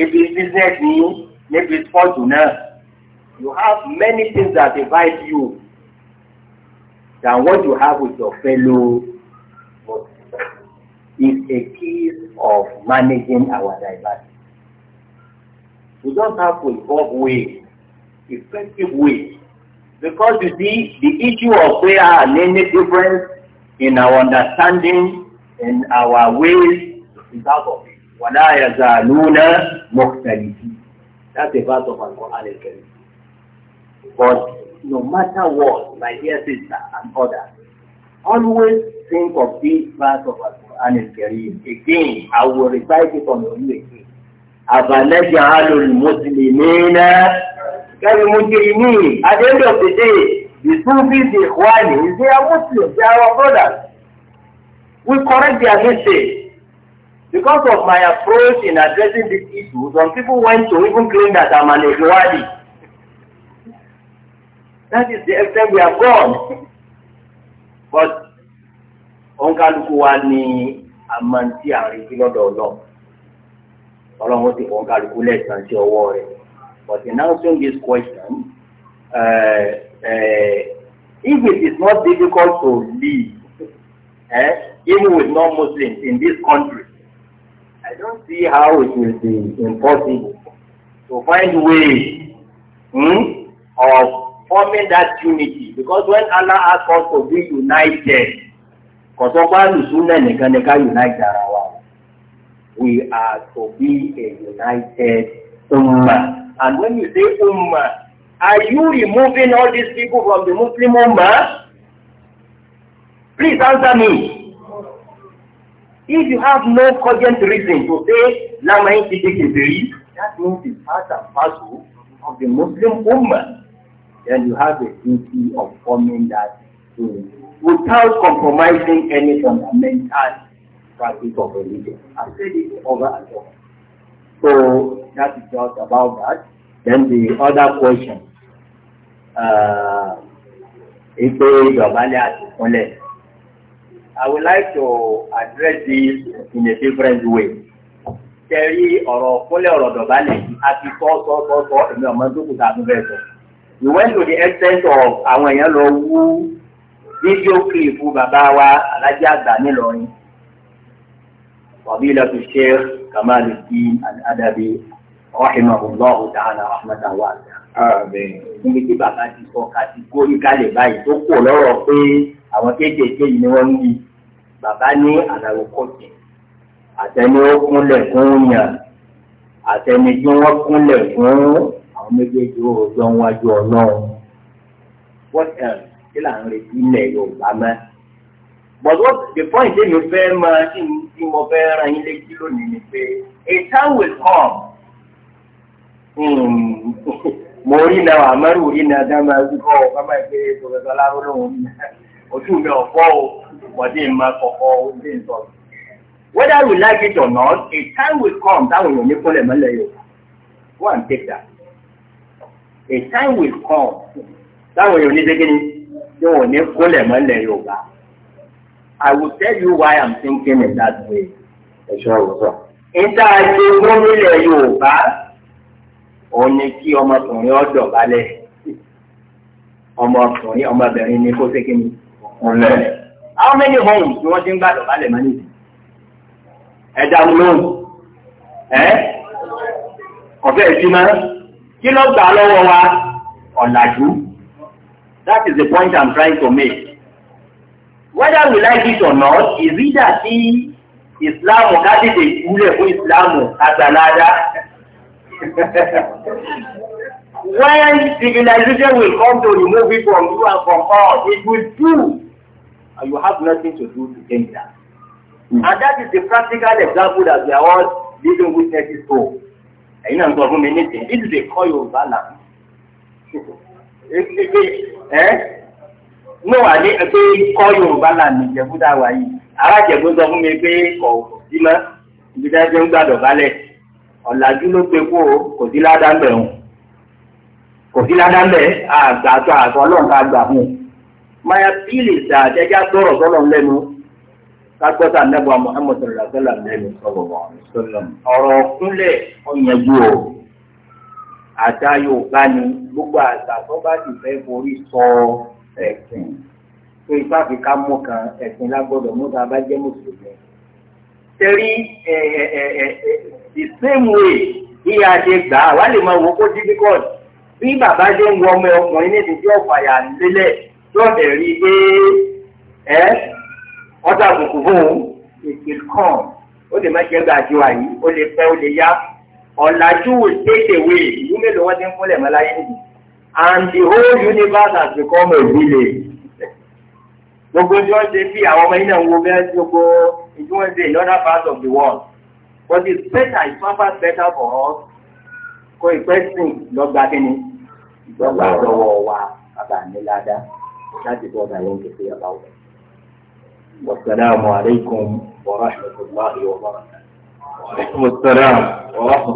ibi bísíǹsì yìí níbi spọ́ọ̀tù náà. You have many things that divide you than what you have with your fellow. is a key of managing our diversity. We don't have to evolve ways, effective ways. Because you see, the issue of where and any difference in our understanding, in our ways, is out of it. That's of Al-Quran But no matter what, my dear sister and others, always think of this part of Al-Quran Quran al-Karim. Again, I will recite it on you again. أَفَنَجْعَلُ الْمُسْلِمِينَ كَالْمُجْرِمِينَ At the end of the day, the Sufis, the Ikhwani, they are Muslims, they are brothers. We correct their mistake. Because of my approach in addressing this issue, some people went to even claim that I'm an Ikhwani. That is the extent we have gone. But òun kálukú wa ní amantí àrètí lọ́dọ̀ ọlọ́run ọlọ́run ti òun kálukú lẹ́sàn-án sí ọwọ́ rẹ̀ but in answering this question uh, uh, if it is not difficult to live eh, even with non-Muslims in this country I don't see how it will be impossible to find ways hmm, of forming that unity because when Allah asks us to be united kọ̀sọ́pá lùsúnà nìkan ni ká unite ara wa we are to be a united umma. and when you say umma, are you removing all these people from the muslim umma? please answer me. If you have no cogent reason to say Lamai Siddiq is belief, that means it's part and parcel of the Muslim umma, Then you have a duty of forming that unity without compromising any fundamental practice of religion. I said it over and over. So that is just about that. Then the other question. Ipe Jọ̀bálẹ̀ àti Kúnlẹ̀. I would like to address this in a different way. Tẹ̀rí ọ̀rọ̀ Kúnlẹ̀ ọ̀rọ̀ Jọ̀bálẹ̀ àti sọ́ọ́sọ́ọ́sọ́ ẹ̀mí ọ̀mọ́ tó kù tàbí bẹ́ẹ̀ sọ. We went to the extent of àwọn èèyàn lọ wú fídíò kìlìpù bàbá wa alájà àgbà nílọrin wàbílẹ̀ tó ṣe Kamaluddin Al-Adabi rahimahullahu ta'ala rahmatan wa níbi tí bàbá ti sọ kàtígórì kalẹ̀ báyìí tó kò lọ́rọ̀ pé àwọn kéékèèké yìí ni wọ́n ń yí bàbá ní àlàyé kọ́ọ̀tì àtẹni ó kúnlẹ̀ fún yàn àtẹni tí wọ́n kúnlẹ̀ fún àwọn méjèèjì ó rọjò wájú ọlọ́run what else kí là ń retí ilẹ̀ yorùbá mọ́. but what the point èmi fẹ́ máa ṣì ń tí mo fẹ́ ran yín létí lónìí ni pé a time will come. Hmm. mo rí na àmọ́rù rí na dáná wíkọ́ bàbá ìpè pòfẹ́sọ̀ alárólóhùn ojú mi ọ̀fọ́ o bọ̀dé mi máa kọ̀kọ́ o dé ìtọ́jú. Whether we like it or not, a time will come táwọn èèyàn ní kúnlẹ̀ mọ́lẹ̀ yóò go and take that. A time will come táwọn èèyàn ní dégé ní tí wọn ní kólẹ̀ mọ́lẹ̀ Yorùbá. I will tell you why I'm thinking in that way. Ẹ̀ṣọ́ òwúrọ̀. Níta ṣe gómìnà Yorùbá, òun ni kí ọmọkùnrin ọ̀dọ̀ balẹ̀. Ọmọkùnrin ọmọbìnrin ni kó ṣe kí ni. Ọ̀lẹ́. How many homes ni wọ́n ti ń gbàdọ̀ balẹ̀ mọ́ nìyí? Ẹ̀dá lóhùn. Ẹ́ ọ̀fẹ́ ìsinmi. Kí ló gbà lọ́wọ́ wa? Ọ̀làjú. That is the point I'm trying to make. Whether we like it or not, is it that he Islam or that is a kule for Islam as another? When civilization will come to remove it from you and from us, it will do. And you have nothing to do to change that. Mm. And that is the practical example that we are all living witnesses to. Ẹ̀yin náà ń sọ fún mi nísìnyí, this is a coil Yorùbá land. èkéde ẹ mo wà ní pé kọ́ Yorùbá là ní ìjẹ̀búdà wà yìí alájẹ̀bú sọ fún mi pé kọ̀ sí mọ́ ibi tí wọ́n ti ń gbàdọ̀ balẹ̀ ọ̀làjú ló pe kú o kò sí ládàá bẹ̀ hùn kò sí ládàá bẹ̀ àgbàtọ̀ àtọ̀ ọlọ́run ká gbà hùn máyà pílì sàtẹ́jà sọ̀rọ̀ sọ̀rọ̀ lẹ́nu kakọta nebo Muhammadu rasulillah lẹ́nu sọlọ wọn sọlọ ọ̀rọ̀ kúnlẹ̀ ọnyẹgbó o àdá yorùbá ni gbogbo àgbà tó bá ti fẹ́ borí sọ ẹ̀sìn tó ipá fi ká mú kan ẹ̀sìn lágbọ́dọ̀ mú ta bá jẹ́ mùsùlùmí. torí the same way bí a ṣe gbà á wá lè máa wò ó difficult bí bàbá ṣe ń wọ ọmọ ọkùnrin ní ìdíjú ọ̀fàyà lélẹ̀ tó dẹ̀ rí i pé ẹ́ ọ̀tà kùkù fún un it will come ó lè má ṣe gbà àti wà yìí ó lè pẹ́ ó lè yá ọ̀làjú will take away ìlú mélòó wọ́n ti ń fúnlẹ̀ mọ́láyé nìyí and the whole universe has become a village. gbogbo tí wọ́n ṣe bí àwọn ọmọ iná wo bẹ́ẹ̀ tí gbogbo ìlú wọn ṣe in other of the world but the better is far far better for us kó ìpẹ́sìn lọ́gbà kínní ìjọba lọ́wọ́ wa bàbá mi ládàá láti bọ́ ọ̀dà yẹn kékeré àbáwọ̀. والسلام عليكم ورحمة الله وبركاته. وعليكم السلام ورحمة